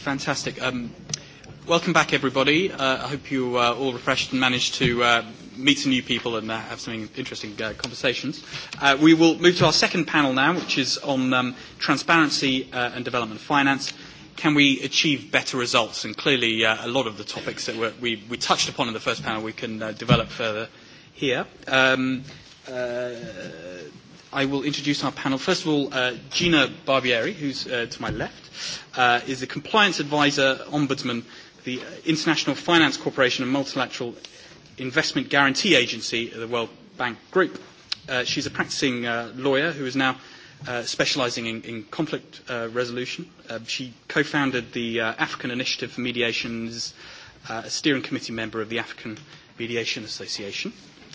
Fantastic. Um, welcome back, everybody. Uh, I hope you uh, all refreshed and managed to uh, meet some new people and uh, have some interesting uh, conversations. Uh, we will move to our second panel now, which is on um, transparency uh, and development finance. Can we achieve better results? And clearly, uh, a lot of the topics that we, we touched upon in the first panel, we can uh, develop further here. Um, I will introduce our panel. First of all, Gina Barbieri, who's to my left, is the Compliance Advisor Ombudsman, the International Finance Corporation and Multilateral Investment Guarantee Agency of the World Bank Group. She's a practicing lawyer who is now specializing in conflict resolution. She co-founded the African Initiative for Mediations, a steering committee member of the African Mediation Association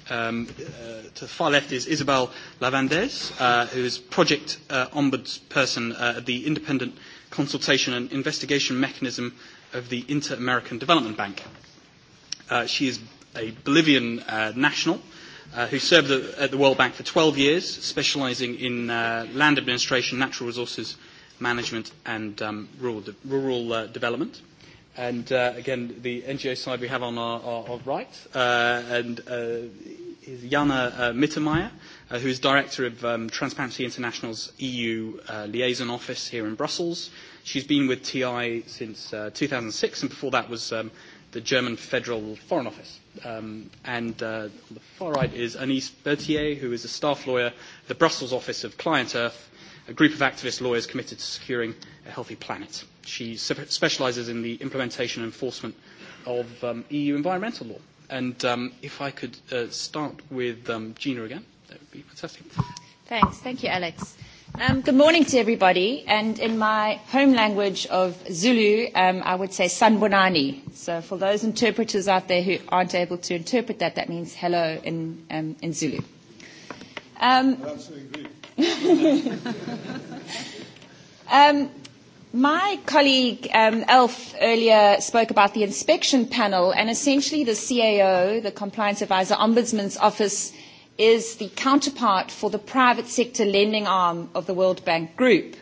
um, to the far left is Isabel Lavandes, uh, who is project uh, ombudsperson uh, at the Independent Consultation and Investigation Mechanism of the Inter-American Development Bank. Uh, she is a Bolivian uh, national who served at the World Bank for 12 years, specializing in land administration, natural resources management, and rural development. And again, the NGO side we have on our right, and is Jana Mittermeier, who is Director of Transparency International's EU Liaison Office here in Brussels. She's been with TI since 2006, and before that was the German Federal Foreign Office. And on the far right is Anise Berthier, who is a staff lawyer at the Brussels office of Client Earth a group of activist lawyers committed to securing a healthy planet. She specializes in the implementation and enforcement of EU environmental law. And if I could start with Gina again, that would be fantastic. Thanks. Thank you, Alex. Good morning to everybody, and in my home language of Zulu, I would say sanbonani. So for those interpreters out there who aren't able to interpret that, that means hello in Zulu. Um My colleague Elf earlier spoke about the inspection panel, and essentially the CAO, the Compliance Advisor Ombudsman's Office, is the counterpart for the private sector lending arm of the World Bank Group.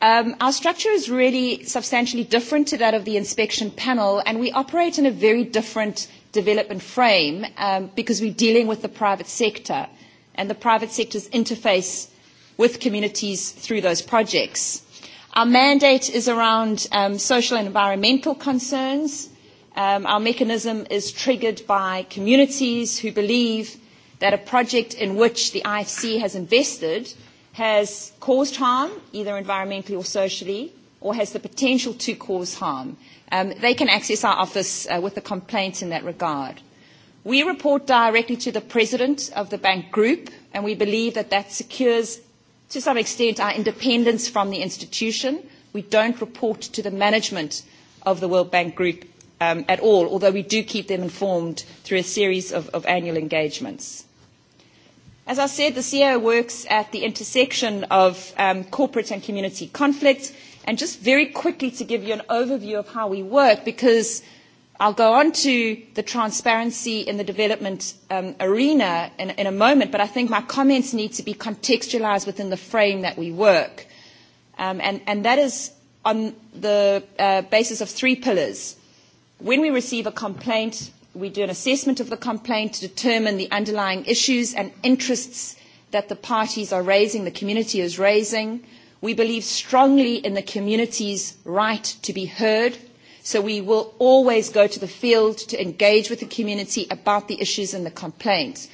Our structure is really substantially different to that of the inspection panel, and we operate in a very different development frame because we're dealing with the private sector, and the private sector's interface with communities through those projects. Our mandate is around social and environmental concerns. Our mechanism is triggered by communities who believe that a project in which the IFC has invested has caused harm, either environmentally or socially, or has the potential to cause harm. They can access our office with a complaint in that regard. We report directly to the President of the Bank Group, and we believe that that secures to some extent, our independence from the institution. We don't report to the management of the World Bank Group at all, although we do keep them informed through a series of annual engagements. As I said, the CEO works at the intersection of corporate and community conflict. And just very quickly to give you an overview of how we work, because I'll go on to the transparency in the development arena in a moment, but I think my comments need to be contextualised within the frame that we work. And that is on the basis of three pillars. When we receive a complaint, we do an assessment of the complaint to determine the underlying issues and interests that the parties are raising, the community is raising. We believe strongly in the community's right to be heard So we will always go to the field to engage with the community about the issues and the complaints.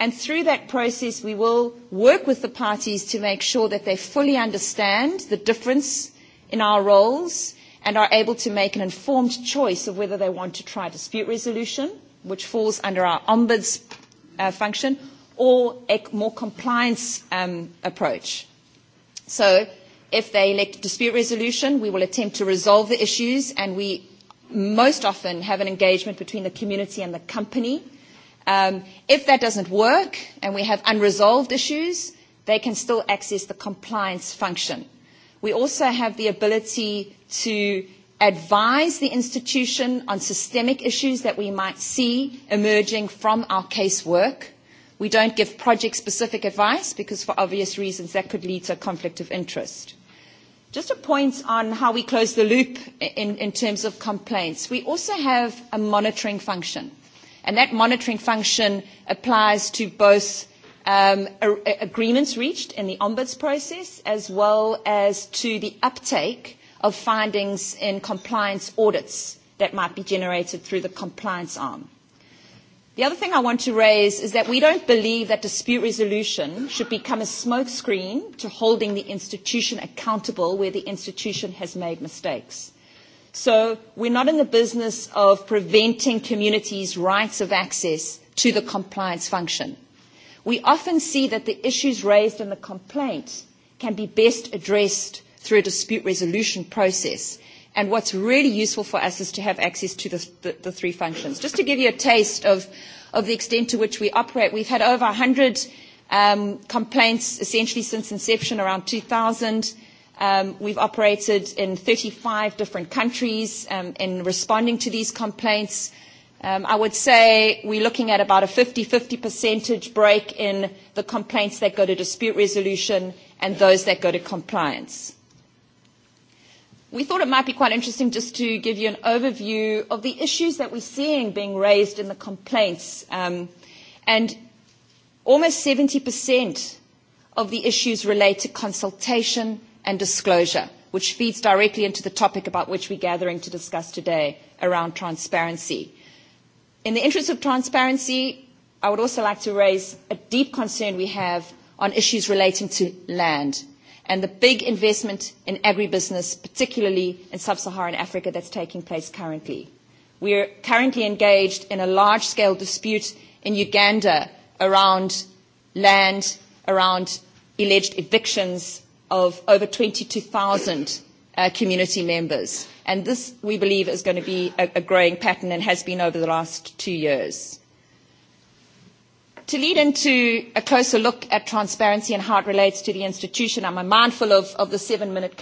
And through that process, we will work with the parties to make sure that they fully understand the difference in our roles and are able to make an informed choice of whether they want to try dispute resolution, which falls under our ombuds function, or a more compliance approach. So If they elect dispute resolution, we will attempt to resolve the issues, and we most often have an engagement between the community and the company. If that doesn't work and we have unresolved issues, they can still access the compliance function. We also have the ability to advise the institution on systemic issues that we might see emerging from our casework. We don't give project-specific advice because, for obvious reasons, that could lead to a conflict of interest. Just a point on how we close the loop in terms of complaints. We also have a monitoring function, and that monitoring function applies to both agreements reached in the ombuds process as well as to the uptake of findings in compliance audits that might be generated through the compliance arm. The other thing I want to raise is that we don't believe that dispute resolution should become a smokescreen to holding the institution accountable where the institution has made mistakes. So we're not in the business of preventing communities' rights of access to the compliance function. We often see that the issues raised in the complaint can be best addressed through a dispute resolution process And what's really useful for us is to have access to the three functions. Just to give you a taste of the extent to which we operate, we've had over 100 complaints essentially since inception around 2000. We've operated in 35 different countries in responding to these complaints. I would say we're looking at about a 50-50 percentage break in the complaints that go to dispute resolution and those that go to compliance we thought it might be quite interesting just to give you an overview of the issues that we're seeing being raised in the complaints. And almost 70% of the issues relate to consultation and disclosure, which feeds directly into the topic about which we're gathering to discuss today around transparency. In the interest of transparency, I would also like to raise a deep concern we have on issues relating to land and the big investment in agribusiness, particularly in sub-Saharan Africa, that's taking place currently. We are currently engaged in a large-scale dispute in Uganda around land, around alleged evictions of over 22,000 community members. And this, we believe, is going to be a growing pattern and has been over the last two years. To lead into a closer look at transparency and how it relates to the institution, I'm mindful of the seven-minute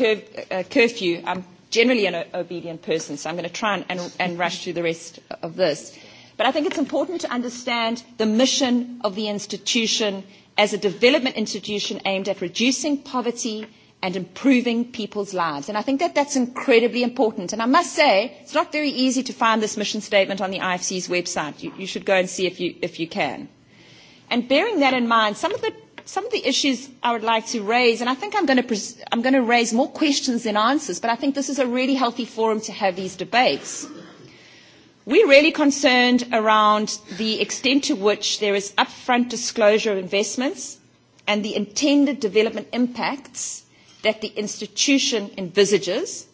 curfew. I'm generally an obedient person, so I'm going to try and rush through the rest of this. But I think it's important to understand the mission of the institution as a development institution aimed at reducing poverty and improving people's lives. And I think that that's incredibly important. And I must say, it's not very easy to find this mission statement on the IFC's website. You should go and see if you can. And bearing that in mind, some of the some of the issues I would like to raise, and I think I'm going to I'm going to raise more questions than answers, but I think this is a really healthy forum to have these debates. We're really concerned around the extent to which there is upfront disclosure of investments and the intended development impacts that the institution envisages,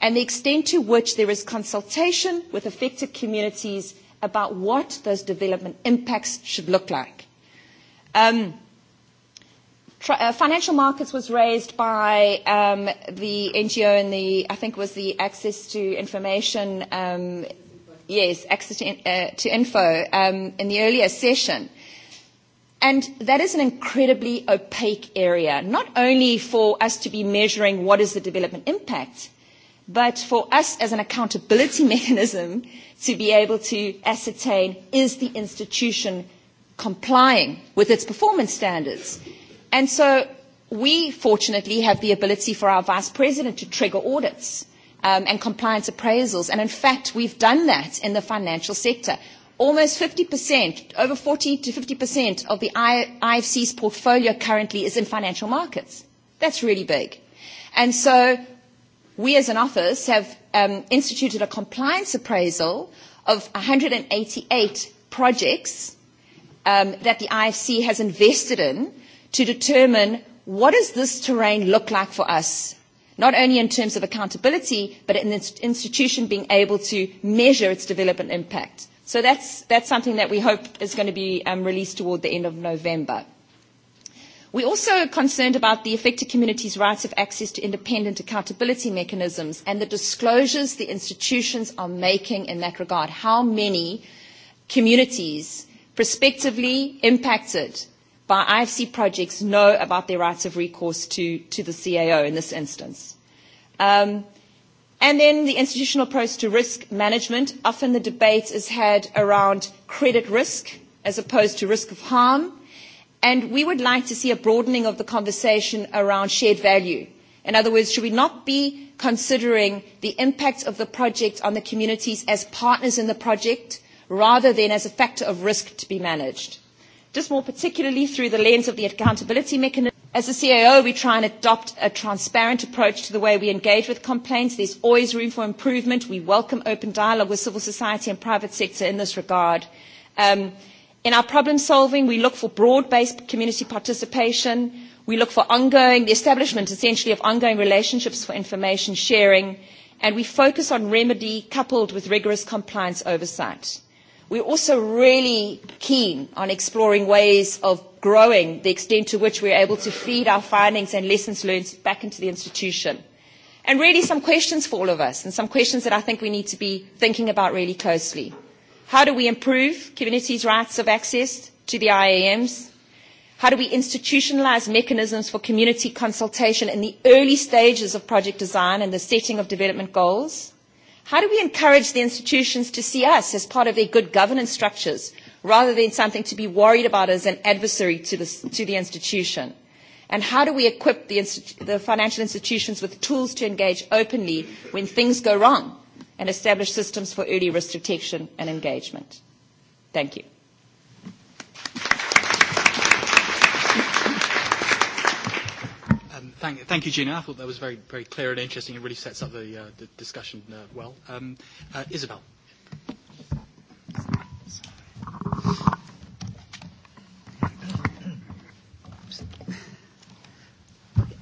and the extent to which there is consultation with affected communities about what those development impacts should look like. Financial markets was raised by the NGO and the, I think, was the access to information, yes, access to info in the earlier session, and that is an incredibly opaque area, not only for us to be measuring what is the development impact, but for us as an accountability mechanism to be able to ascertain is the institution complying with its performance standards. And so we fortunately have the ability for our Vice President to trigger audits and compliance appraisals. And in fact, we've done that in the financial sector. Almost 50%, over 40 to 50% of the IFC's portfolio currently is in financial markets. That's really big. And so we as an office have instituted a compliance appraisal of 188 projects that the IFC has invested in to determine what does this terrain look like for us, not only in terms of accountability, but in the institution being able to measure its development impact. So that's that's something that we hope is going to be released toward the end of November. We also concerned about the affected communities' rights of access to independent accountability mechanisms and the disclosures the institutions are making in that regard. How many communities prospectively impacted by IFC projects know about their rights of recourse to the CAO in this instance. And then the institutional approach to risk management. Often the debate is had around credit risk as opposed to risk of harm. And we would like to see a broadening of the conversation around shared value. In other words, should we not be considering the impact of the project on the communities as partners in the project rather than as a factor of risk to be managed. Just more particularly through the lens of the accountability mechanism. As a CAO, we try and adopt a transparent approach to the way we engage with complaints. There's always room for improvement. We welcome open dialogue with civil society and private sector in this regard. In our problem solving, we look for broad-based community participation. We look for ongoing, the establishment essentially of ongoing relationships for information sharing, and we focus on remedy coupled with rigorous compliance oversight. We are also really keen on exploring ways of growing the extent to which we are able to feed our findings and lessons learned back into the institution. And really some questions for all of us and some questions that I think we need to be thinking about really closely. How do we improve communities' rights of access to the IAMs? How do we institutionalise mechanisms for community consultation in the early stages of project design and the setting of development goals? How do we encourage the institutions to see us as part of their good governance structures rather than something to be worried about as an adversary to the institution? And how do we equip the financial institutions with tools to engage openly when things go wrong and establish systems for early risk detection and engagement? Thank you. Thank, thank you, Gina. I thought that was very, very clear and interesting. It really sets up the, uh, the discussion uh, well. Um, uh, Isabel.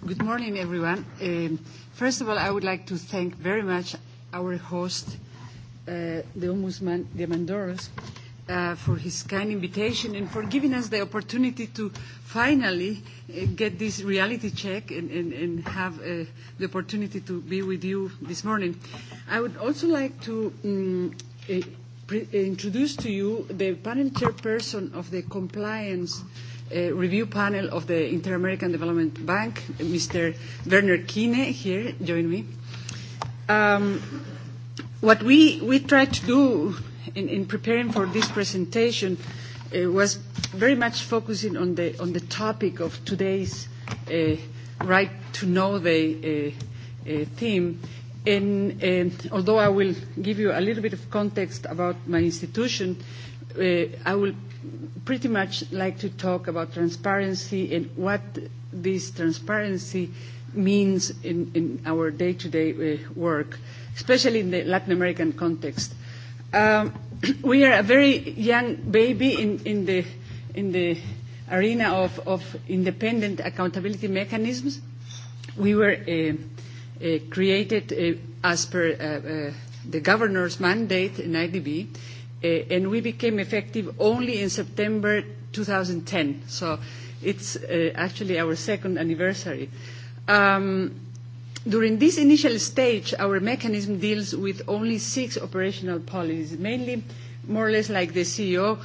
Good morning, everyone. first of all, I would like to thank very much our host, uh, the Ombudsman, the for his kind invitation and for giving us the opportunity to finally get this reality check and have the opportunity to be with you this morning. I would also like to introduce to you the panel chairperson of the Compliance Review Panel of the Inter-American Development Bank, Mr. Werner Kine, here, join me. What we we try to do in preparing for this presentation was very much focusing on the on the topic of today's right to know the theme. And although I will give you a little bit of context about my institution, I will pretty much like to talk about transparency and what this transparency means in our day-to-day work, especially in the Latin American context. We are a very young baby in in the in the arena of of independent accountability mechanisms. We were created as per the governor's mandate in IDB, and we became effective only in September 2010. So it's actually our second anniversary. Um During this initial stage, our mechanism deals with only six operational policies, mainly more or less like the CEO.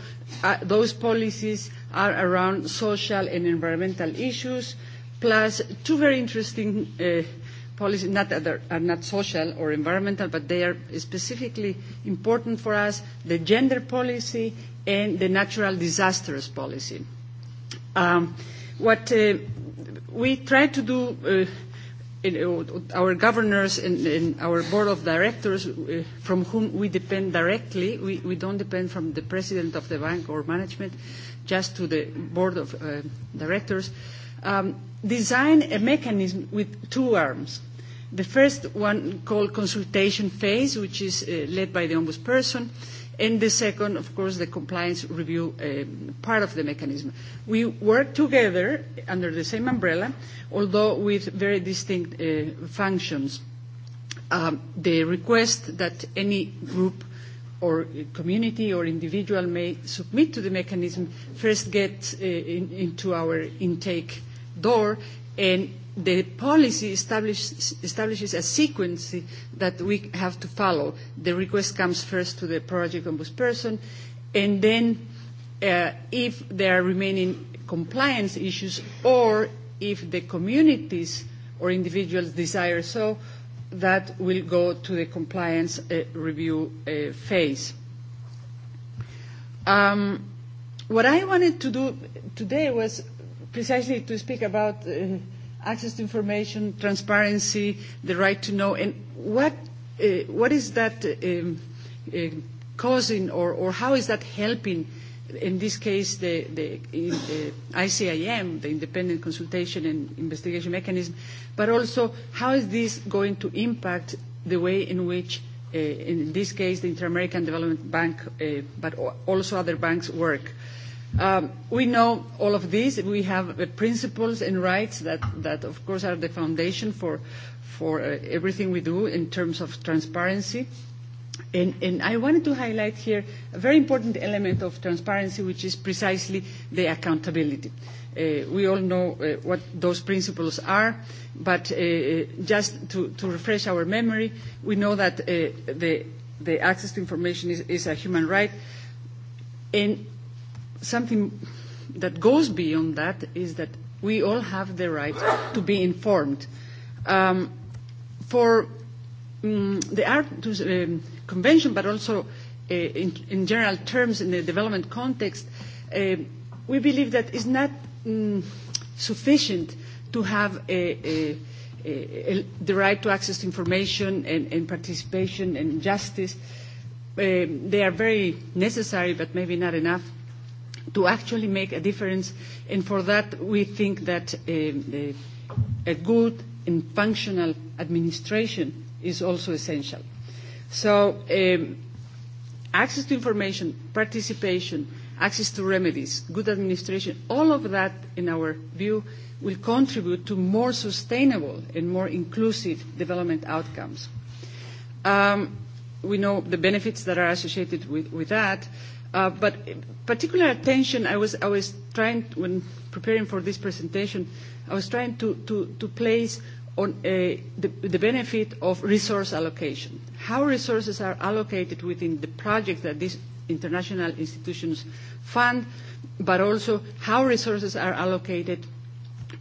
Those policies are around social and environmental issues, plus two very interesting policies, not that are not social or environmental, but they are specifically important for us, the gender policy and the natural disasters policy. What we try to do our governors and our board of directors from whom we depend directly we don't depend from the president of the bank or management just to the board of directors design a mechanism with two arms the first one called consultation phase which is led by the ombudsperson and the second, of course, the compliance review part of the mechanism. We work together under the same umbrella, although with very distinct functions. The request that any group or community or individual may submit to the mechanism first gets into our intake door and the policy establishes a sequence that we have to follow. The request comes first to the project ombudsperson, and then if there are remaining compliance issues or if the communities or individuals desire so, that will go to the compliance review phase. What I wanted to do today was precisely to speak about access to information, transparency, the right to know, and what what is that causing or or how is that helping? in this case, the ICIM, the Independent Consultation and Investigation Mechanism, but also how is this going to impact the way in which, in this case, the Inter-American Development Bank, but also other banks work. We know all of these. We have principles and rights that, of course, are the foundation for everything we do in terms of transparency. And I wanted to highlight here a very important element of transparency, which is precisely the accountability. We all know what those principles are, but just to refresh our memory, we know that the access to information is a human right. And something that goes beyond that is that we all have the right to be informed. For the Art Convention, but also in general terms in the development context, we believe that it's not sufficient to have the right to access to information and participation and justice. They are very necessary, but maybe not enough to actually make a difference. And for that, we think that a good and functional administration is also essential. So access to information, participation, access to remedies, good administration, all of that, in our view, will contribute to more sustainable and more inclusive development outcomes. We know the benefits that are associated with that. But particular attention, I was I trying when preparing for this presentation, I was trying to to place on the benefit of resource allocation. How resources are allocated within the projects that these international institutions fund, but also how resources are allocated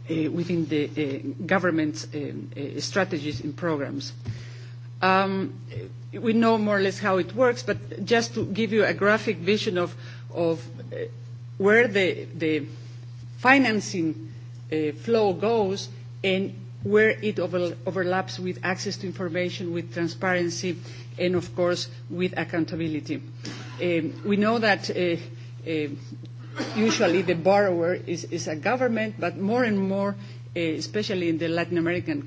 within the government's strategies and programs we know more or less how it works, but just to give you a graphic vision of where the financing flow goes and where it overlaps with access to information, with transparency, and, of course, with accountability. We know that usually the borrower is a government, but more and more especially in the Latin American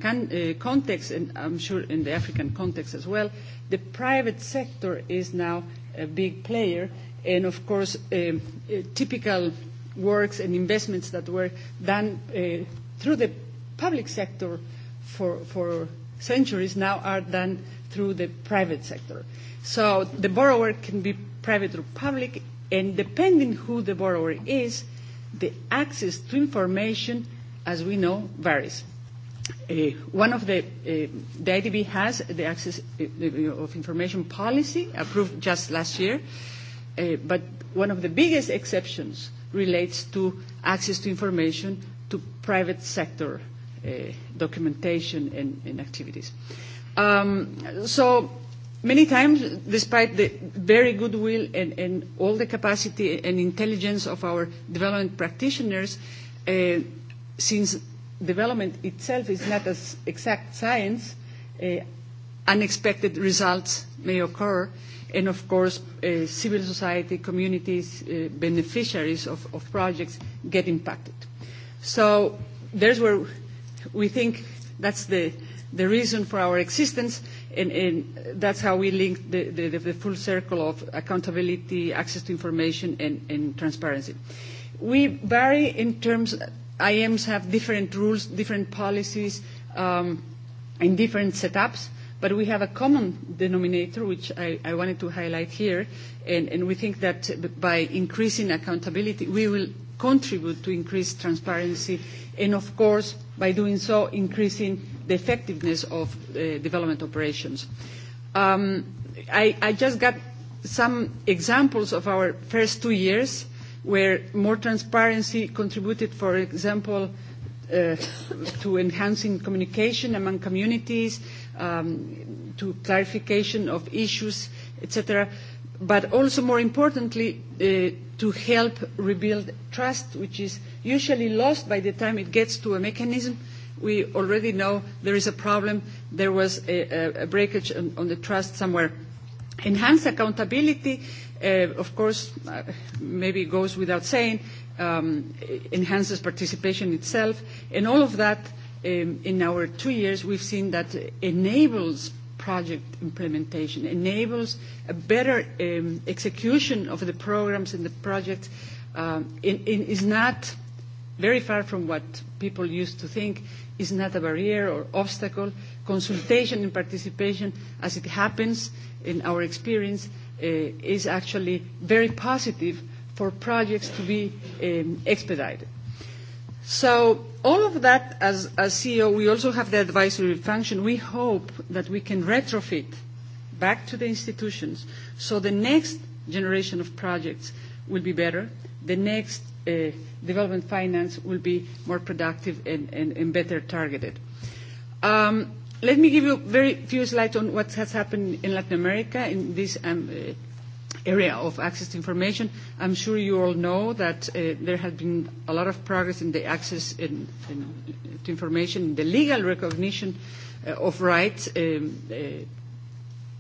context, and I'm sure in the African context as well, the private sector is now a big player, and of course, typical works and investments that were done through the public sector for for centuries now are done through the private sector. So the borrower can be private or public, and depending who the borrower is, the access to information as we know, varies. One of the the IDB has the access of information policy approved just last year, but one of the biggest exceptions relates to access to information to private sector documentation and activities. So many times, despite the very goodwill and all the capacity and intelligence of our development practitioners, since development itself is not as exact science, unexpected results may occur, and of course civil society, communities, beneficiaries of projects get impacted. So there's where we think that's the the reason for our existence, and that's how we link the full circle of accountability, access to information, and transparency. We vary in terms IMs have different rules, different policies, and different setups, but we have a common denominator, which I wanted to highlight here, and we think that by increasing accountability, we will contribute to increased transparency, and of course, by doing so, increasing the effectiveness of development operations. I just got some examples of our first two years where more transparency contributed, for example, to enhancing communication among communities, to clarification of issues, etc., but also, more importantly, to help rebuild trust, which is usually lost by the time it gets to a mechanism. We already know there is a problem. There was a breakage on the trust somewhere. Enhance accountability of course, maybe it goes without saying, enhances participation itself. And all of that, in our two years, we've seen that enables project implementation, enables a better execution of the programs and the projects. in is not very far from what people used to think is not a barrier or obstacle. Consultation and participation, as it happens in our experience, is actually very positive for projects to be expedited. So all of that, as CEO, we also have the advisory function. We hope that we can retrofit back to the institutions so the next generation of projects will be better, the next development finance will be more productive and better targeted. Um Let me give you very few slides on what has happened in Latin America in this area of access to information. I'm sure you all know that there has been a lot of progress in the access to information, the legal recognition of rights.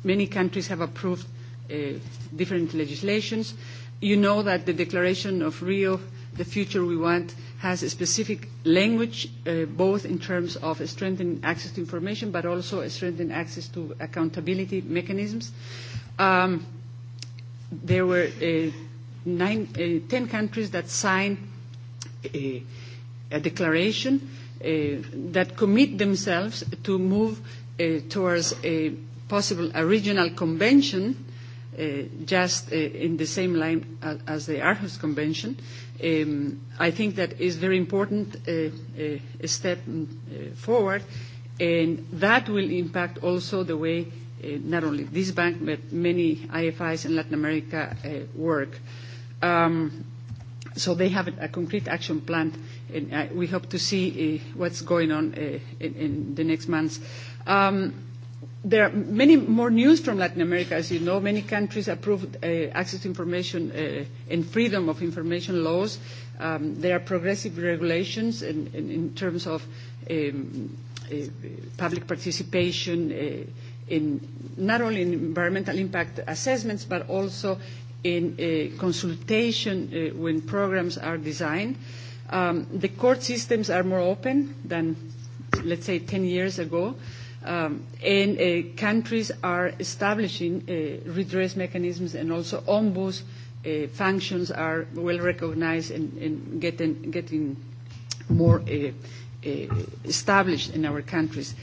Many countries have approved different legislations. You know that the Declaration of Rio the future we want has a specific language, both in terms of strengthening access to information, but also strengthening access to accountability mechanisms. There were 10 countries that signed a declaration that commit themselves to move towards a possible regional convention just in the same line as the Aarhus Convention. I think that is very important step forward, and that will impact also the way not only this bank but many IFIs in Latin America work. So they have a concrete action plan, and we hope to see what's going on in the next months. Um There are many more news from Latin America, as you know. Many countries approved access to information and freedom of information laws. There are progressive regulations in terms of public participation in not only in environmental impact assessments, but also in consultation when programs are designed. The court systems are more open than, let's say, 10 years ago and countries are establishing redress mechanisms and also ombuds functions are well recognized and getting more established in our countries.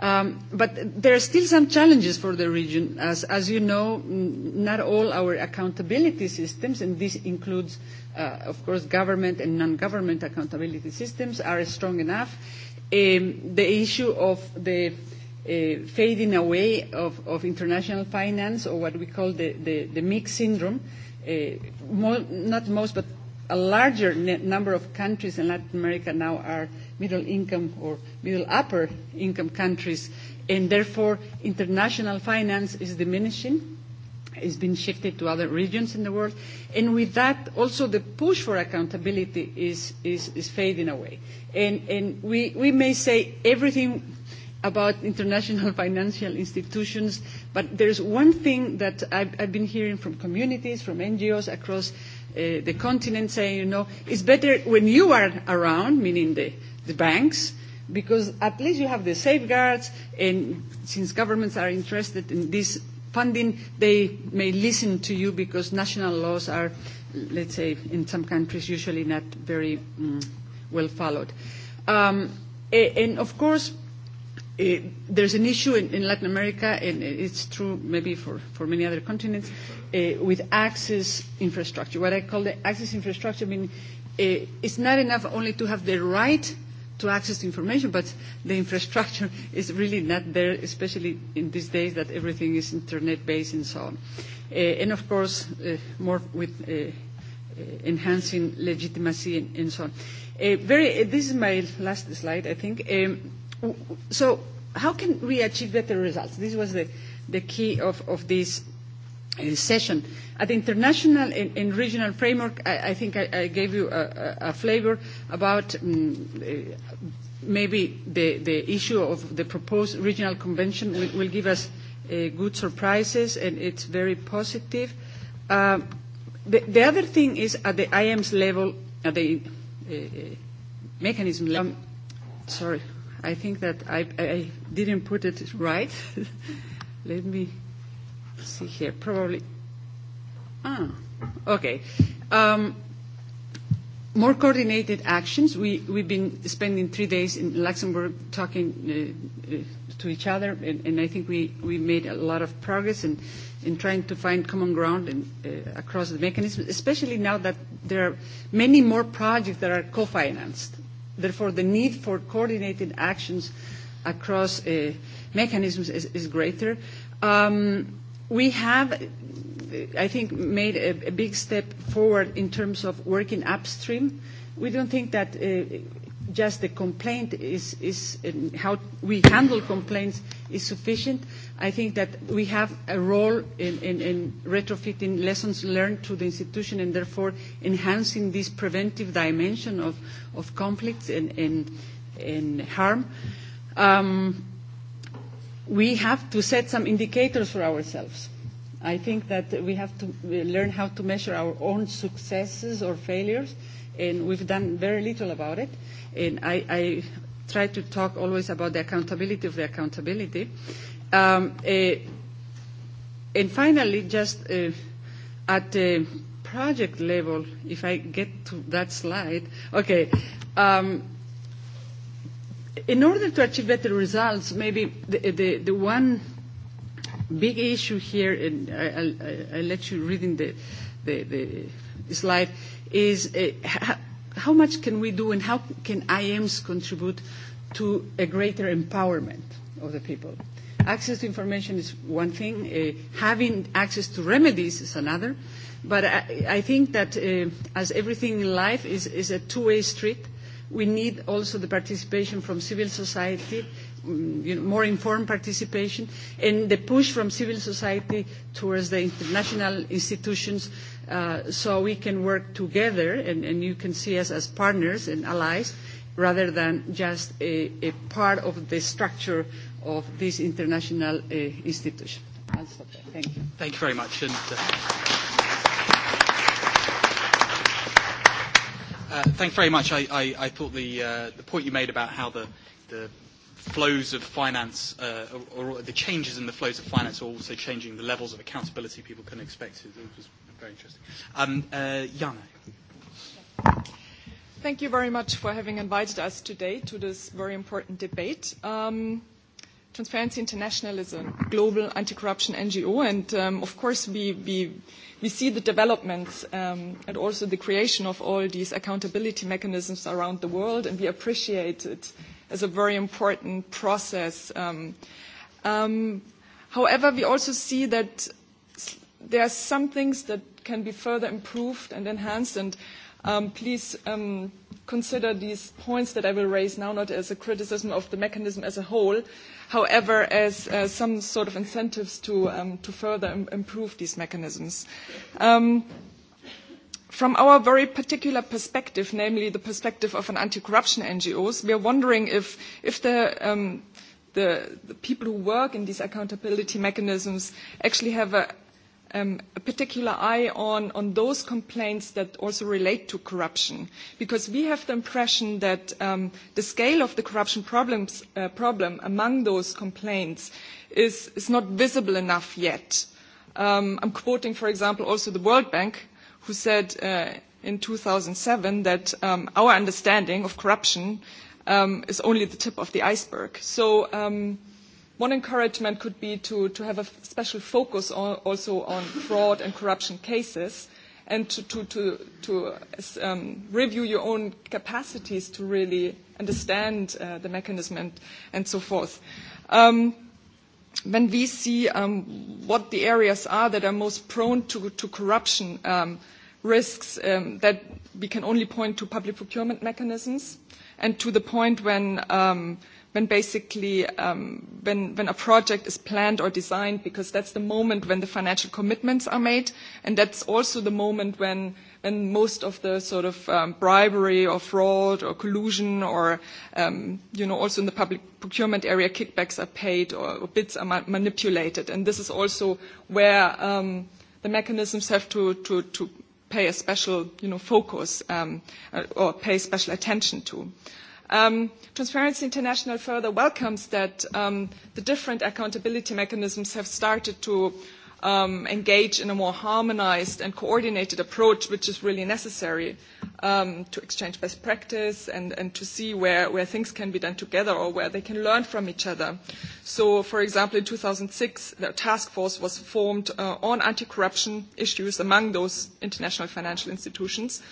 But there are still some challenges for the region. As you know, not all our accountability systems, and this includes, of course, government and non-government accountability systems, are strong enough. The issue of the fading away of international finance or what we call the mix syndrome. Not most, but a larger number of countries in Latin America now are middle income or middle upper income countries, and therefore international finance is diminishing. It's been shifted to other regions in the world. And with that, also the push for accountability is fading away. And we may say everything about international financial institutions, but there is one thing that I've been hearing from communities, from NGOs across the continent saying, you know, it's better when you are around, meaning the banks, because at least you have the safeguards, and since governments are interested in this funding, they may listen to you because national laws are, let's say, in some countries usually not very well followed. And of course, There's an issue in Latin America, and it's true maybe for many other continents, with access infrastructure. What I call the access infrastructure, I mean, it's not enough only to have the right to access information, but the infrastructure is really not there, especially in these days that everything is internet-based and so on. And of course, more with enhancing legitimacy and so on. Very, this is my last slide, I think. So how can we achieve better results? This was the the key of of this session. At the international and regional framework, I think I gave you a flavor about maybe the the issue of the proposed regional convention will give us good surprises, and it's very positive. The other thing is at the IM's level, at the mechanism level, sorry. I think that I, I didn't put it right. Let me see here. Probably. Ah, okay. Um, more coordinated actions. We, we've been spending three days in Luxembourg talking to each other, and, and I think we, we made a lot of progress in, in trying to find common ground across the mechanisms. especially now that there are many more projects that are co-financed Therefore, the need for coordinated actions across mechanisms is greater. We have, I think, made a big step forward in terms of working upstream. We don't think that just the complaint is how we handle complaints is sufficient. I think that we have a role in retrofitting lessons learned to the institution and therefore enhancing this preventive dimension of conflicts and harm. We have to set some indicators for ourselves. I think that we have to learn how to measure our own successes or failures, and we've done very little about it. And I try to talk always about the accountability of the accountability And finally, just at the project level, if I get to that slide, okay. In order to achieve better results, maybe the the one big issue here, and I'll let you read in the slide, is how much can we do and how can IMs contribute to a greater empowerment of the people. Access to information is one thing. Having access to remedies is another. But I think that, as everything in life is a two-way street, we need also the participation from civil society, more informed participation, and the push from civil society towards the international institutions so we can work together, and you can see us as partners and allies rather than just a part of the structure of this international institution. I'll stop there. Thank you. Thank you very much. you very much. I thought the point you made about how the flows of finance or the changes in the flows of finance are also changing the levels of accountability people can expect. is was very interesting. Jana. Thank you very much for having invited us today to this very important debate. Transparency International is a global anti-corruption NGO, and of course we see the developments and also the creation of all these accountability mechanisms around the world, and we appreciate it as a very important process. However, we also see that there are some things that can be further improved and enhanced, and please consider these points that I will raise now not as a criticism of the mechanism as a whole, however, as some sort of incentives to further improve these mechanisms. From our very particular perspective, namely the perspective of an anti-corruption NGOs, we are wondering if the people who work in these accountability mechanisms actually have a a particular eye on those complaints that also relate to corruption, because we have the impression that the scale of the corruption problem among those complaints is not visible enough yet. I'm quoting, for example, also the World Bank, who said in 2007 that our understanding of corruption is only the tip of the iceberg. So One encouragement could be to have a special focus also on fraud and corruption cases and to review your own capacities to really understand the mechanism and so forth. When we see what the areas are that are most prone to corruption risks, that we can only point to public procurement mechanisms and to the point when when basically when a project is planned or designed, because that's the moment when the financial commitments are made, and that's also the moment when most of the sort of bribery or fraud or collusion or, you know, also in the public procurement area, kickbacks are paid or bids are manipulated. And this is also where the mechanisms have to pay a special, you know, focus or pay special attention to. Transparency International further welcomes that the different accountability mechanisms have started to engage in a more harmonized and coordinated approach, which is really necessary to exchange best practice and to see where things can be done together or where they can learn from each other. So, for example, in 2006, the task force was formed on anti-corruption issues among those international financial institutions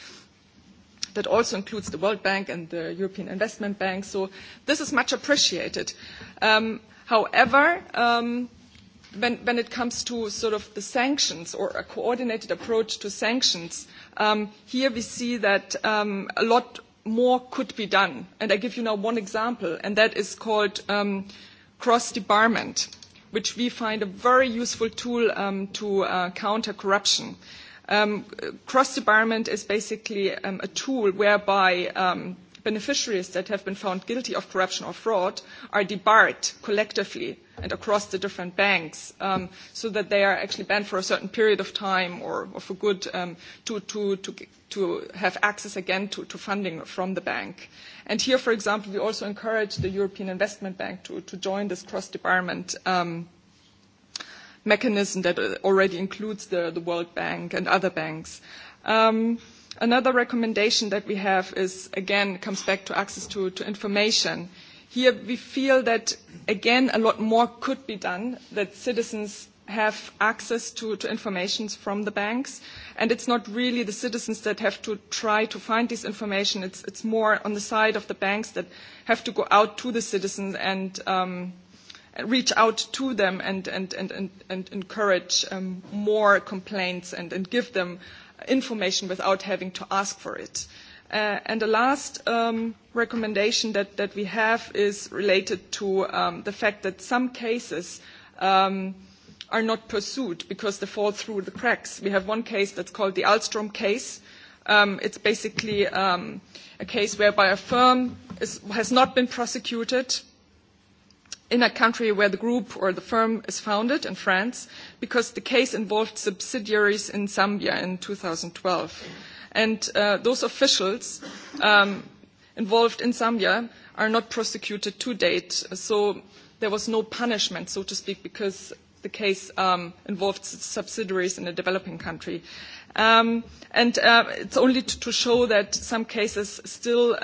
that also includes the World Bank and the European Investment Bank. So this is much appreciated. However, when it comes to sort of the sanctions or a coordinated approach to sanctions, here we see that a lot more could be done. And I give you now one example, and that is called cross-debarment, which we find a very useful tool to counter corruption. Cross debarment is basically a tool whereby beneficiaries that have been found guilty of corruption or fraud are debarred collectively and across the different banks so that they are actually banned for a certain period of time or for good to have access again to funding from the bank. And here, for example, we also encourage the European Investment Bank to join this cross debarment mechanism that already includes the World Bank and other banks. Another recommendation that we have is, again, comes back to access to information. Here we feel that, again, a lot more could be done, that citizens have access to information from the banks, and it's not really the citizens that have to try to find this information. It's more on the side of the banks that have to go out to the citizens and reach out to them and and and encourage more complaints and and give them information without having to ask for it. And the last recommendation that that we have is related to the fact that some cases are not pursued because they fall through the cracks. We have one case that's called the Alstrom case. It's basically a case whereby a firm has not been prosecuted in a country where the group or the firm is founded, in France, because the case involved subsidiaries in Zambia in 2012. And those officials involved in Zambia are not prosecuted to date, so there was no punishment, so to speak, because the case involved subsidiaries in a developing country. And it's only to show that some cases still,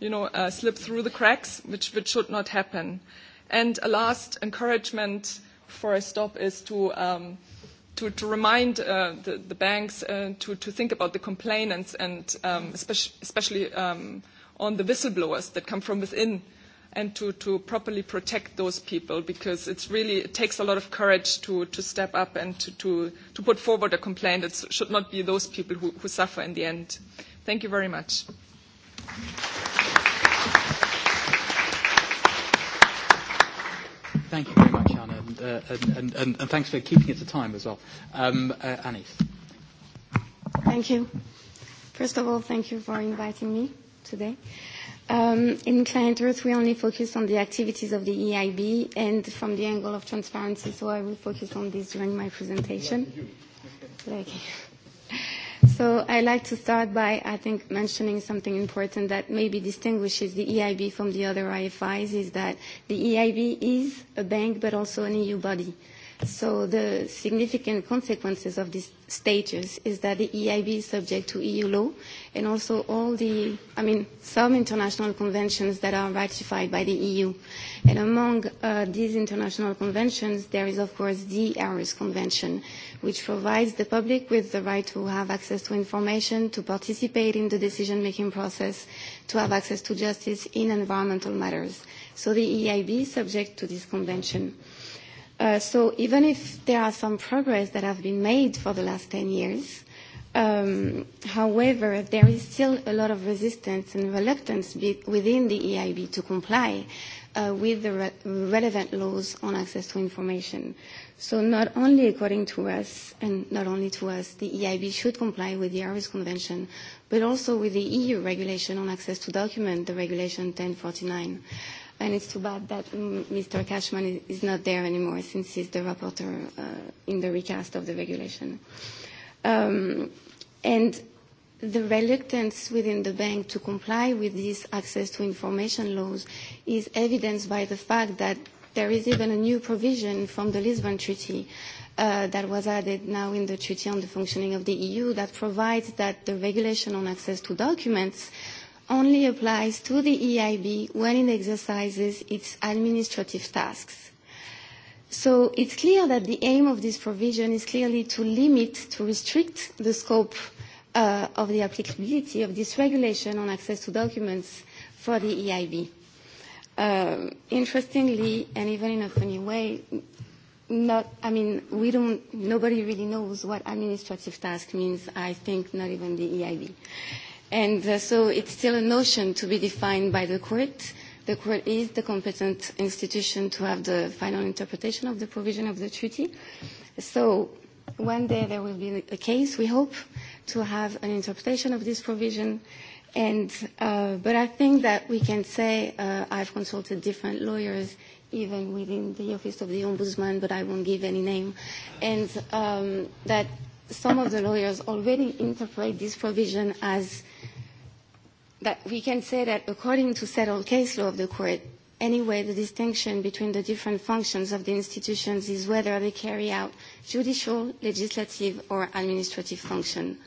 you know, slip through the cracks, which should not happen. And a last encouragement before I stop is to remind the banks to think about the complainants and especially on the whistleblowers that come from within and to properly protect those people because it really it takes a lot of courage to step up and to put forward a complaint. It should not be those people who suffer in the end. Thank you very much. Thank you very much, Anna, and thanks for keeping it to time as well. Anis. Thank you. First of all, thank you for inviting me today. In Client Earth, we only focus on the activities of the EIB and from the angle of transparency, so I will focus on this during my presentation. So I like to start by, I think, mentioning something important that maybe distinguishes the EIB from the other IFIs is that the EIB is a bank but also an EU body. So the significant consequences of this stages is that the EIB is subject to EU law and also all the, I mean, some international conventions that are ratified by the EU. And among these international conventions, there is, of course, the ARIS Convention, which provides the public with the right to have access to information, to participate in the decision-making process, to have access to justice in environmental matters. So the EIB is subject to this convention. So even if there are some progress that have been made for the last 10 years, however, there is still a lot of resistance and reluctance within the EIB to comply with the relevant laws on access to information. So not only according to us, and not only to us, the EIB should comply with the Aarhus Convention, but also with the EU regulation on access to documents, the Regulation 1049 and it's too bad that Mr. Cashman is not there anymore since he's the rapporteur in the recast of the regulation. And the reluctance within the bank to comply with these access to information laws is evidenced by the fact that there is even a new provision from the Lisbon Treaty that was added now in the Treaty on the Functioning of the EU that provides that the regulation on access to documents only applies to the EIB when it exercises its administrative tasks. So it's clear that the aim of this provision is clearly to limit, to restrict the scope of the applicability of this regulation on access to documents for the EIB. Interestingly, and even in a funny way, not, I mean, we don't, nobody really knows what administrative task means, I think not even the EIB. And so it's still a notion to be defined by the court. The court is the competent institution to have the final interpretation of the provision of the treaty. So one day there will be a case, we hope, to have an interpretation of this provision. And But I think that we can say I've consulted different lawyers, even within the Office of the Ombudsman, but I won't give any name, and that some of the lawyers already interpret this provision as that we can say that according to settled case law of the court, anyway, the distinction between the different functions of the institutions is whether they carry out judicial, legislative, or administrative function.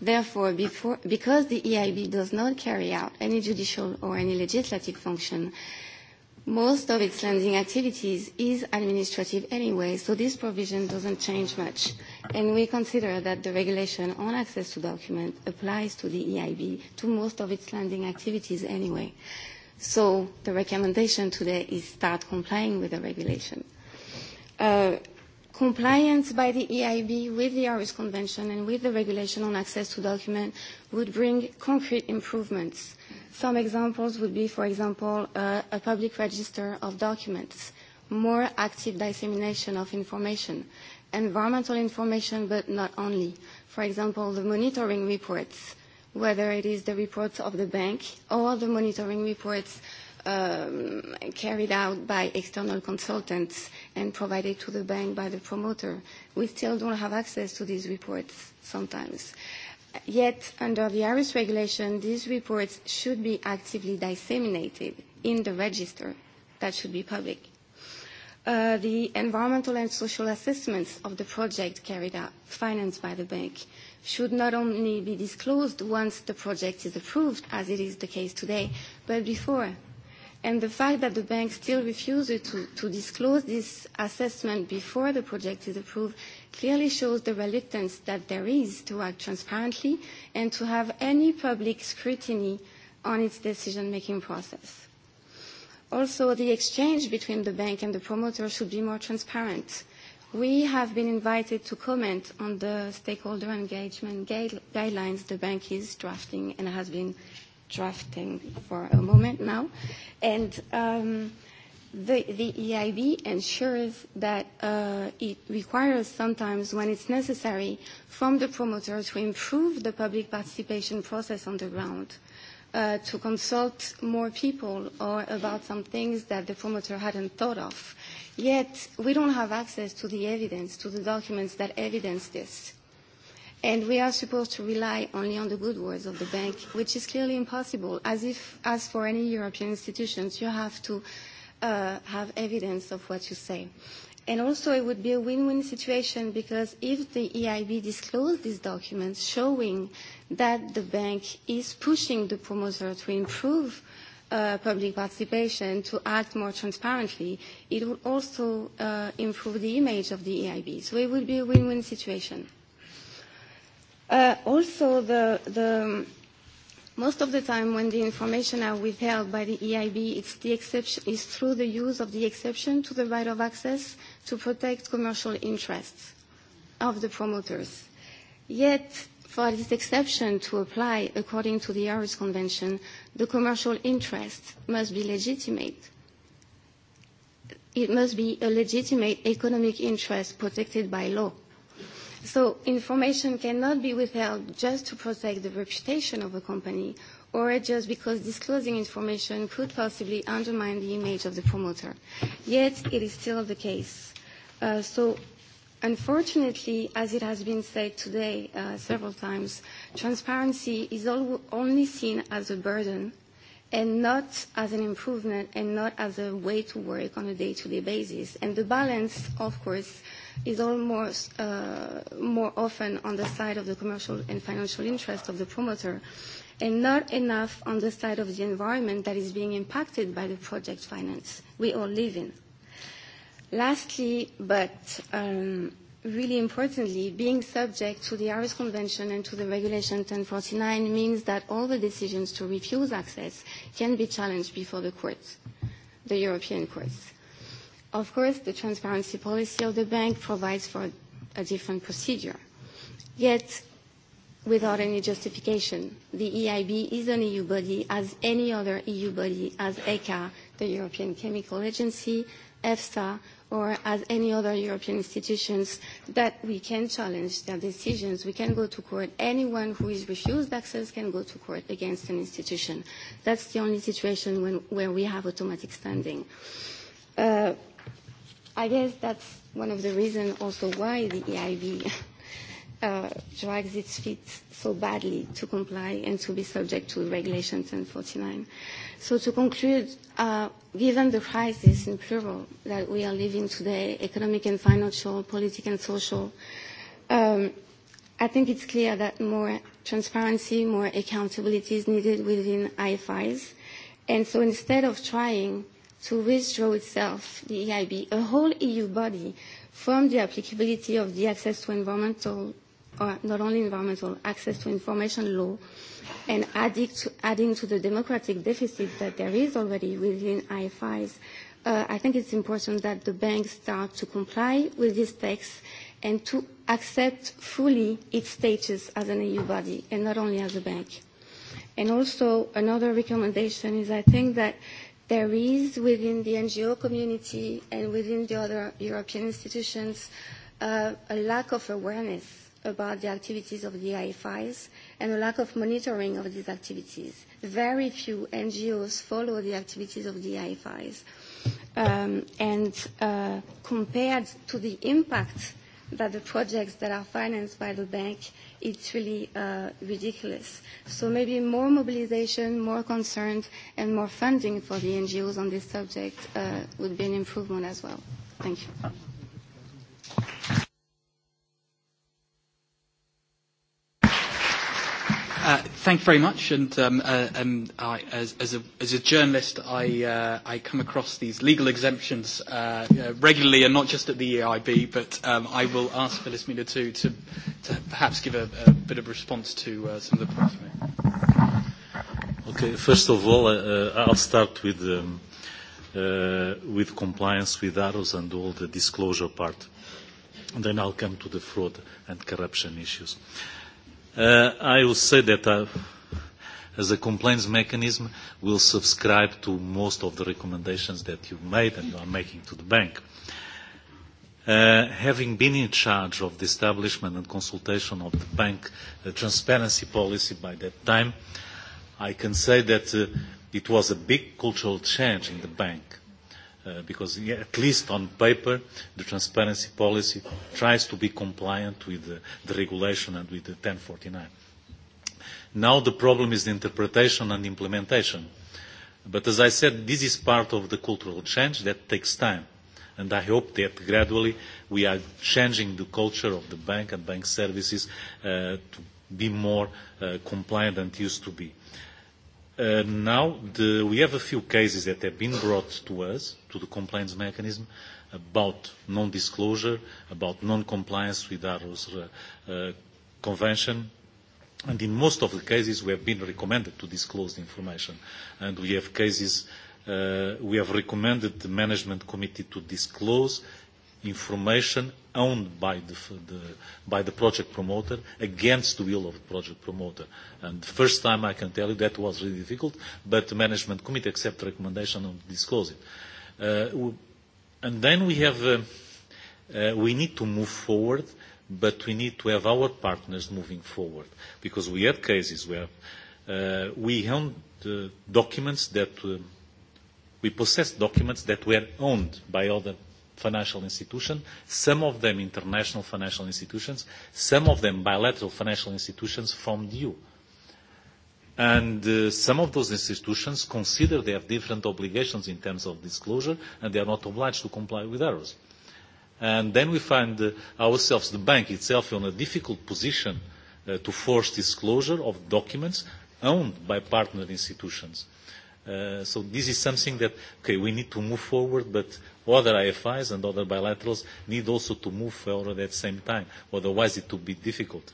Therefore, because the EIB does not carry out any judicial or any legislative function, Most of its lending activities is administrative anyway, so this provision doesn't change much, and we consider that the regulation on access to documents applies to the EIB to most of its lending activities anyway. So the recommendation today is start complying with the regulation. Compliance by the EIB with the Aarhus Convention and with the regulation on access to documents would bring concrete improvements Some examples would be, for example, a public register of documents, more active dissemination of information, environmental information, but not only. For example, the monitoring reports, whether it is the reports of the bank or the monitoring reports carried out by external consultants and provided to the bank by the promoter. We still don't have access to these reports sometimes. Yet, under the Irish regulation, these reports should be actively disseminated in the register that should be public. The environmental and social assessments of the project carried out, financed by the bank, should not only be disclosed once the project is approved, as it is the case today, but before And the fact that the bank still refuses to disclose this assessment before the project is approved clearly shows the reluctance that there is to act transparently and to have any public scrutiny on its decision-making process. Also, the exchange between the bank and the promoter should be more transparent. We have been invited to comment on the stakeholder engagement guidelines the bank is drafting and has been drafting for a moment now. And the EIB ensures that it requires sometimes, when it's necessary, from the promoter to improve the public participation process on the ground, to consult more people or about some things that the promoter hadn't thought of. Yet we don't have access to the evidence, to the documents that evidence this. And we are supposed to rely only on the good words of the bank, which is clearly impossible. As if, as for any European institutions, you have to have evidence of what you say. And also, it would be a win-win situation because if the EIB disclosed these documents showing that the bank is pushing the promoter to improve public participation, to act more transparently, it would also improve the image of the EIB. So it would be a win-win situation. Also, the most of the time when the information are withheld by the EIB, it's the exception is through the use of the exception to the right of access to protect commercial interests of the promoters. Yet, for this exception to apply according to the Aarhus Convention, the commercial interest must be legitimate. It must be a legitimate economic interest protected by law. So information cannot be withheld just to protect the reputation of a company or just because disclosing information could possibly undermine the image of the promoter. Yet it is still the case. So unfortunately, as it has been said today several times, transparency is only seen as a burden and not as an improvement and not as a way to work on a day-to-day basis. And the balance, of course, is almost more often on the side of the commercial and financial interest of the promoter and not enough on the side of the environment that is being impacted by the project finance we all live in. Lastly, but really importantly, being subject to the Irish Convention and to the Regulation 1049 means that all the decisions to refuse access can be challenged before the courts, the European courts. Of course, the transparency policy of the bank provides for a different procedure. Yet, without any justification, the EIB is an EU body as any other EU body, as ECHA, the European Chemical Agency, EFSA, or as any other European institutions, that we can challenge their decisions. We can go to court. Anyone who is refused access can go to court against an institution. That's the only situation where we have automatic standing. I guess that's one of the reasons also why the EIB drags its feet so badly to comply and to be subject to Regulation 1049. So to conclude, given the crisis in plural that we are living today, economic and financial, political and social, I think it's clear that more transparency, more accountability is needed within IFIs. And so instead of trying to withdraw itself, the EIB, a whole EU body, from the applicability of the access to environmental, or not only environmental, access to information law, and adding to the democratic deficit that there is already within IFIs, I think it's important that the banks start to comply with this text and to accept fully its status as an EU body and not only as a bank. And also another recommendation is I think that there is within the NGO community and within the other European institutions a lack of awareness about the activities of the IFIs and a lack of monitoring of these activities. Very few NGOs follow the activities of the IFIs. And compared to the impact that the projects that are financed by the bank, it's really ridiculous. So maybe more mobilization, more concerns and more funding for the NGOs on this subject would be an improvement as well. Thank you. Thank you very much. And as a journalist, I come across these legal exemptions regularly, and not just at the EIB, but I will ask Phyllis Miller to perhaps give a bit of response to some of the points made. Okay. First of all, I'll start with with compliance with AROS and all the disclosure part. and Then I'll come to the fraud and corruption issues. I will say that as a complaints mechanism we'll subscribe to most of the recommendations that you've made and you are making to the bank. Having been in charge of the establishment and consultation of the bank transparency policy by that time, I can say that it was a big cultural change in the bank because at least on paper the transparency policy tries to be compliant with the regulation and with the 1049. Now the problem is the interpretation and implementation. But as I said, this is part of the cultural change that takes time. And I hope that gradually we are changing the culture of the bank and bank services to be more compliant than it used to be. Now, we have a few cases that have been brought to us, to the complaints mechanism, about non-disclosure, about non-compliance with our convention, and in most of the cases we have been recommended to disclose the information. And we have cases, we have recommended the management committee to disclose information owned by the by the project promoter against the will of the project promoter. And the first time I can tell you that was really difficult, but the management committee accepted the recommendation and disclosed it. And then we have we need to move forward, but we need to have our partners moving forward because we had cases where we owned documents that we possessed documents that were owned by other financial institutions, some of them international financial institutions, some of them bilateral financial institutions from the EU. And some of those institutions consider they have different obligations in terms of disclosure, and they are not obliged to comply with others. And then we find ourselves, the bank itself, in a difficult position to force disclosure of documents owned by partner institutions. So this is something that, okay, we need to move forward, but other IFIs and other bilaterals need also to move forward at the same time. Otherwise, it would be difficult.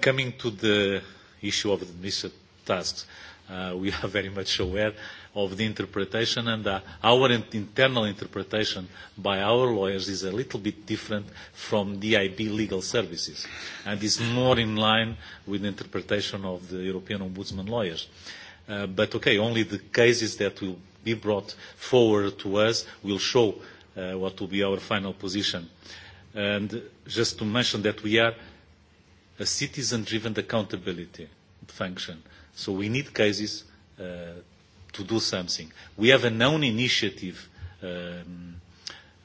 Coming to the issue of the mission tasks, we are very much aware of the interpretation and our internal interpretation by our lawyers is a little bit different from DIB legal services and is more in line with the interpretation of the European Ombudsman lawyers. But okay, only the cases that will be brought forward to us will show what will be our final position. And just to mention that we are a citizen-driven accountability function. So we need cases to do something. We have a known initiative.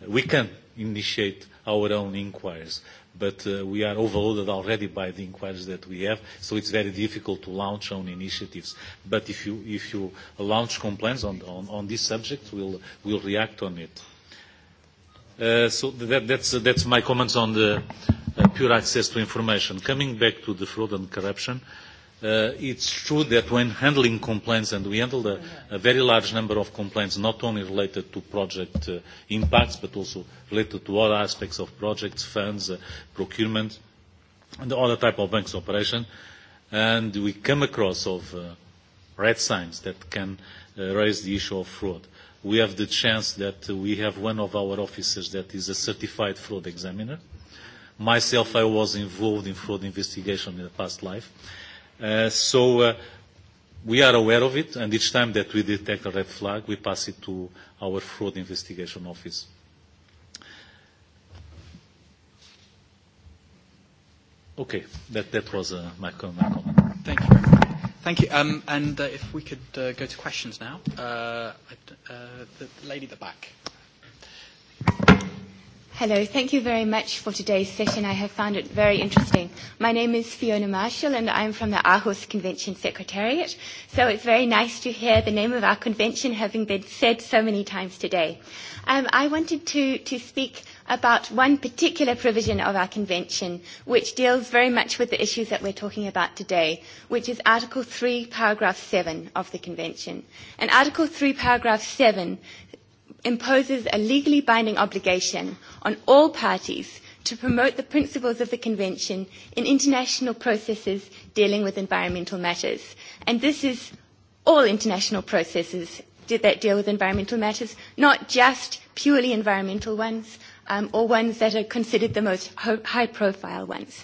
We can initiate our own inquiries but we are overloaded already by the inquiries that we have, so it's very difficult to launch own initiatives. But if you launch complaints on this subject, we'll we'll react on it. So that's that's my comments on the pure access to information. Coming back to the fraud and corruption. It's true that when handling complaints, and we handled a very large number of complaints, not only related to project impacts, but also related to other aspects of projects, funds, procurement, and other type of banks operation, and we come across of red signs that can raise the issue of fraud. We have the chance that we have one of our officers that is a certified fraud examiner. Myself, I was involved in fraud investigation in the past life So we are aware of it, and each time that we detect a red flag, we pass it to our fraud investigation office. Okay, that that was my comment. Thank you. Thank you. And if we could go to questions now. The lady at the back. Hello, thank you very much for today's session. I have found it very interesting. My name is Fiona Marshall and I am from the Aarhus Convention Secretariat, so it's very nice to hear the name of our convention having been said so many times today. I wanted to, to speak about one particular provision of our convention, which deals very much with the issues that we're talking about today, which is Article 3, Paragraph 7 of the convention. And Article 3, Paragraph 7 imposes a legally binding obligation on all parties to promote the principles of the Convention in international processes dealing with environmental matters. And this is all international processes that deal with environmental matters, not just purely environmental ones or ones that are considered the most high-profile ones.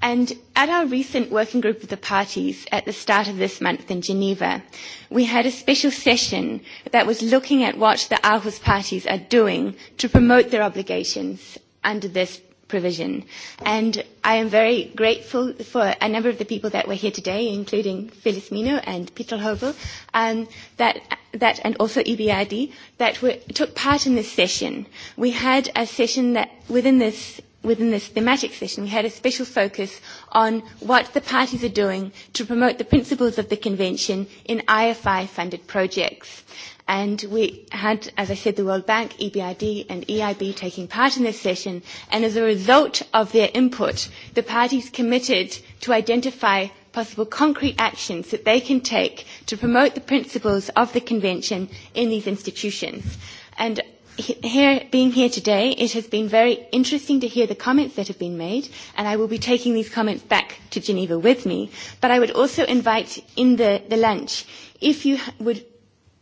And at our recent working group of the parties at the start of this month in Geneva, we had a special session that was looking at what the Aarhus parties are doing to promote their obligations under this provision. And I am very grateful for a number of the people that were here today, including Phyllis Mino and Peter Hovel that, that, and also EBRD, that were, took part in this session. We had a session that within this within this thematic session, we had a special focus on what the parties are doing to promote the principles of the Convention in IFI-funded projects. And we had, as I said, the World Bank, EBRD and EIB taking part in this session. And as a result of their input, the parties committed to identify possible concrete actions that they can take to promote the principles of the Convention in these institutions. And being here today, it has been very interesting to hear the comments that have been made, and I will be taking these comments back to Geneva with me. But I would also invite in the, the lunch, if you would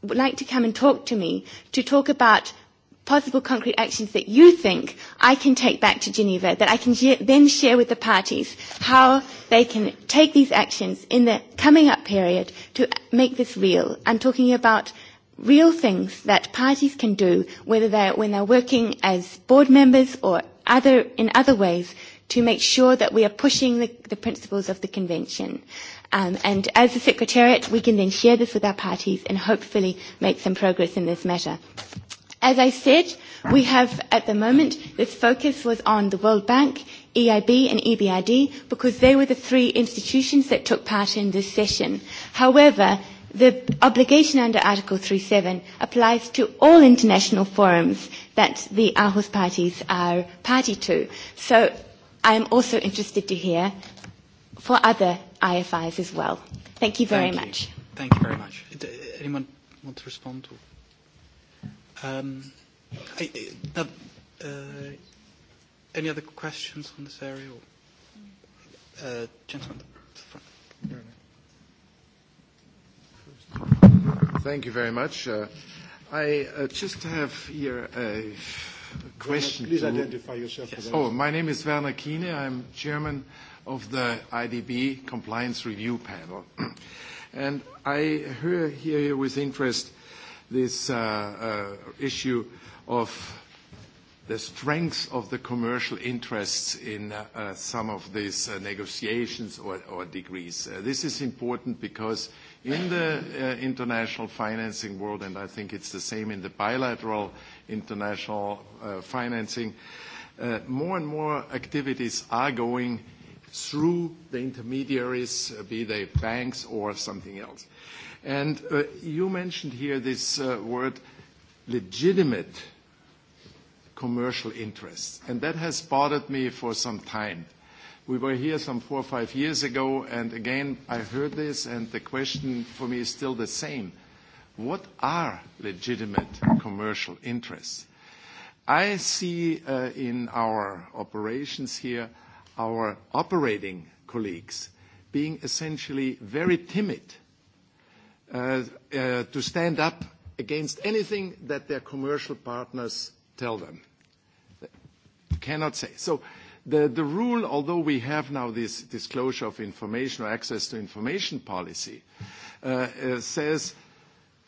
would like to come and talk to me to talk about possible concrete actions that you think I can take back to Geneva, that I can then share with the parties how they can take these actions in the coming up period to make this real. I'm talking about real things that parties can do, whether they're when they're working as board members or other in other ways, to make sure that we are pushing the principles of the Convention. And as a Secretariat, we can then share this with our parties and hopefully make some progress in this matter. As I said, we have at the moment, this focus was on the World Bank, EIB and EBRD, because they were the three institutions that took part in this session. However, the obligation under Article 37 applies to all international forums that the Aarhus parties are party to. So I am also interested to hear for other IFIs as well. Thank you very much. Thank you very much. Anyone want to respond? Any other questions on this area? Gentleman gentlemen. Thank you very much. I just have here a question. Please identify yourself. Oh, my name is Werner Kiene. I'm German of the IDB Compliance Review Panel. And I hear here with interest this issue of the strength of the commercial interests in some of these negotiations or degrees. This is important because in the international financing world, and I think it's the same in the bilateral international financing, more and more activities are going through the intermediaries, be they banks or something else. And you mentioned here this word legitimate commercial interests, and that has bothered me for some time. We were here some four or five years ago, and again I heard this, and the question for me is still the same. What are legitimate commercial interests? I see in our operations here our operating colleagues being essentially very timid to stand up against anything that their commercial partners tell them. Cannot say. So the rule, although we have now this disclosure of information or access to information policy, says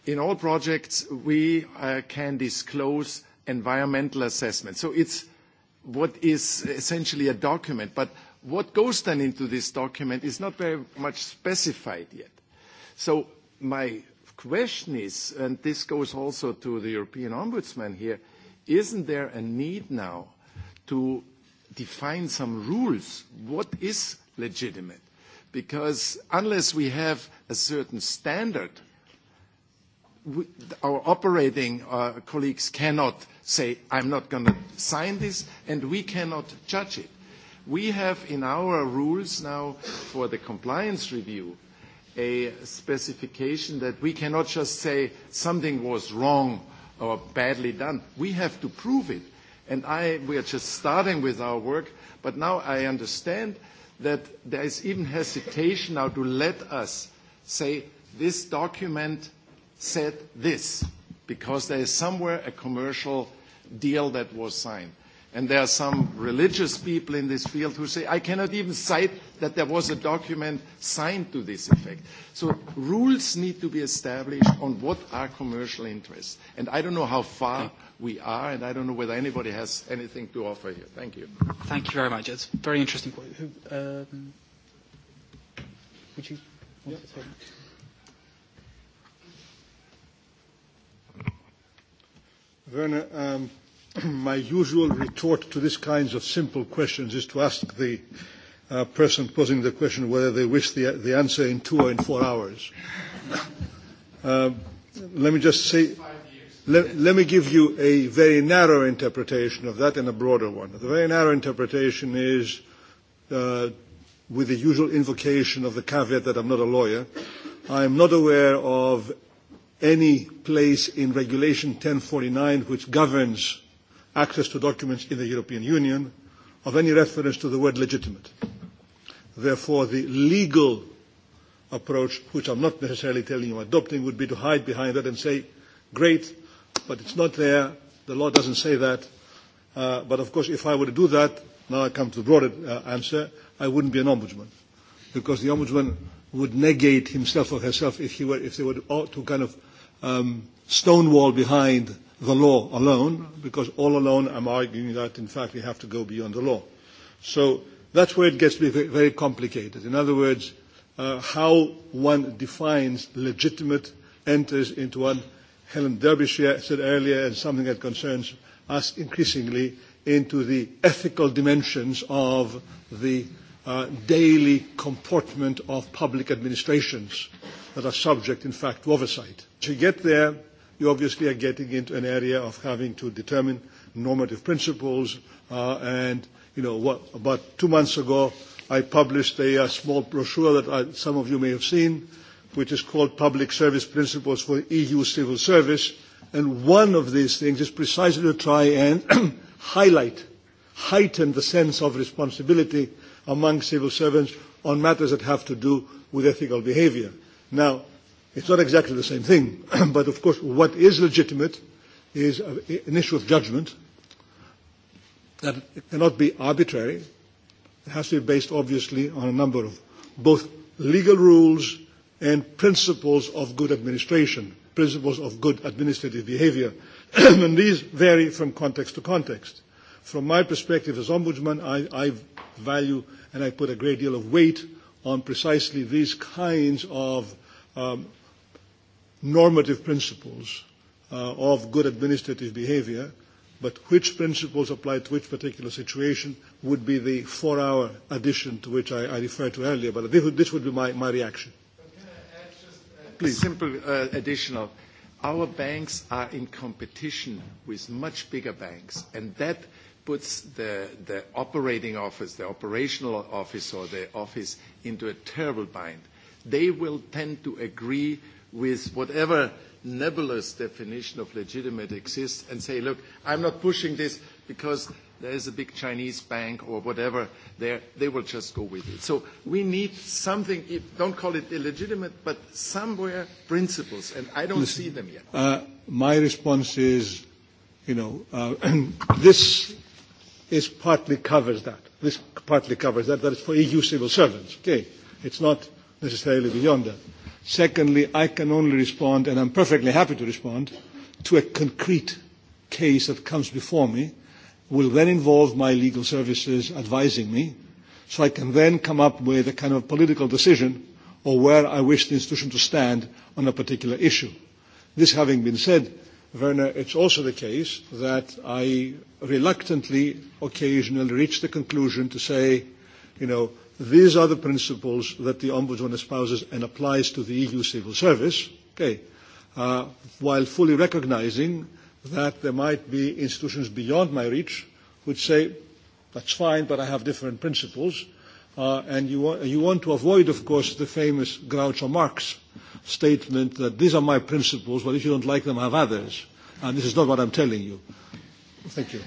in all projects we can disclose environmental assessment. So it's what is essentially a document. But what goes then into this document is not very much specified yet. So my question is, and this goes also to the European Ombudsman here, isn't there a need now to define some rules? What is legitimate? Because unless we have a certain standard, our operating colleagues cannot say, I'm not going to sign this, and we cannot judge it. We have in our rules now for the compliance review a specification that we cannot just say something was wrong or badly done. We have to prove it. And I we are just starting with our work, but now I understand that there is even hesitation now to let us say this document said this, because there is somewhere a commercial deal that was signed. And there are some religious people in this field who say, I cannot even cite that there was a document signed to this effect. So rules need to be established on what are commercial interests. And I don't know how far we are, and I don't know whether anybody has anything to offer here. Thank you. Thank you very much. It's a very interesting point. Would you want to say Werner, my usual retort to these kinds of simple questions is to ask the person posing the question whether they wish the answer in two or in four hours. Let me just say, let me give you a very narrow interpretation of that and a broader one. The very narrow interpretation is, uh with the usual invocation of the caveat that I'm not a lawyer, I'm not aware of any place in Regulation 1049, which governs access to documents in the European Union, of any reference to the word legitimate. Therefore, the legal approach, which I'm not necessarily telling you adopting, would be to hide behind that and say, great, but it's not there, the law doesn't say that. But of course, if I were to do that, now I come to the broader answer, I wouldn't be an ombudsman. Because the ombudsman would negate himself or herself if he were if they were to kind of um, stonewall behind the law alone, because all alone I'm arguing that in fact we have to go beyond the law. So that's where it gets very complicated. In other words, how one defines legitimate enters into what Helen Derbyshire said earlier, and something that concerns us increasingly, into the ethical dimensions of the daily comportment of public administrations that are subject, in fact, to oversight. To get there, you obviously are getting into an area of having to determine normative principles. And, you know, about two months ago, I published a small brochure that some of you may have seen, which is called Public Service Principles for EU Civil Service. And one of these things is precisely to try and highlight, heighten the sense of responsibility among civil servants on matters that have to do with ethical behavior. Now, it's not exactly the same thing, but of course what is legitimate is an issue of judgment that cannot be arbitrary. It has to be based, obviously, on a number of both legal rules and principles of good administration, principles of good administrative behavior. And these vary from context to context. From my perspective as Ombudsman, I value and I put a great deal of weight on precisely these kinds of normative principles of good administrative behavior, but which principles apply to which particular situation would be the four-hour addition to which I referred to earlier. But this would be my reaction. Please. Simple additional. Our banks are in competition with much bigger banks, and that puts the the operating office, the operational office or the office into a terrible bind. They will tend to agree with whatever nebulous definition of legitimate exists and say, look, I'm not pushing this because there is a big Chinese bank or whatever there, they will just go with it. So we need something, don't call it illegitimate, but somewhere principles, and I don't see them yet. My response is, you know, this is partly covers that. This partly covers that. That is for EU civil servants. Okay, it's not necessarily beyond that. Secondly, I can only respond, and I'm perfectly happy to respond, to a concrete case that comes before me, will then involve my legal services advising me, so I can then come up with a kind of political decision or where I wish the institution to stand on a particular issue. This having been said, Werner, it's also the case that I reluctantly, occasionally reach the conclusion to say, you know, these are the principles that the Ombudsman espouses and applies to the EU civil service, okay, while fully recognizing that there might be institutions beyond my reach which say, that's fine, but I have different principles. And you want to avoid, of course, the famous Groucho Marx statement that these are my principles, but if you don't like them, have others. And this is not what I'm telling you. Thank you.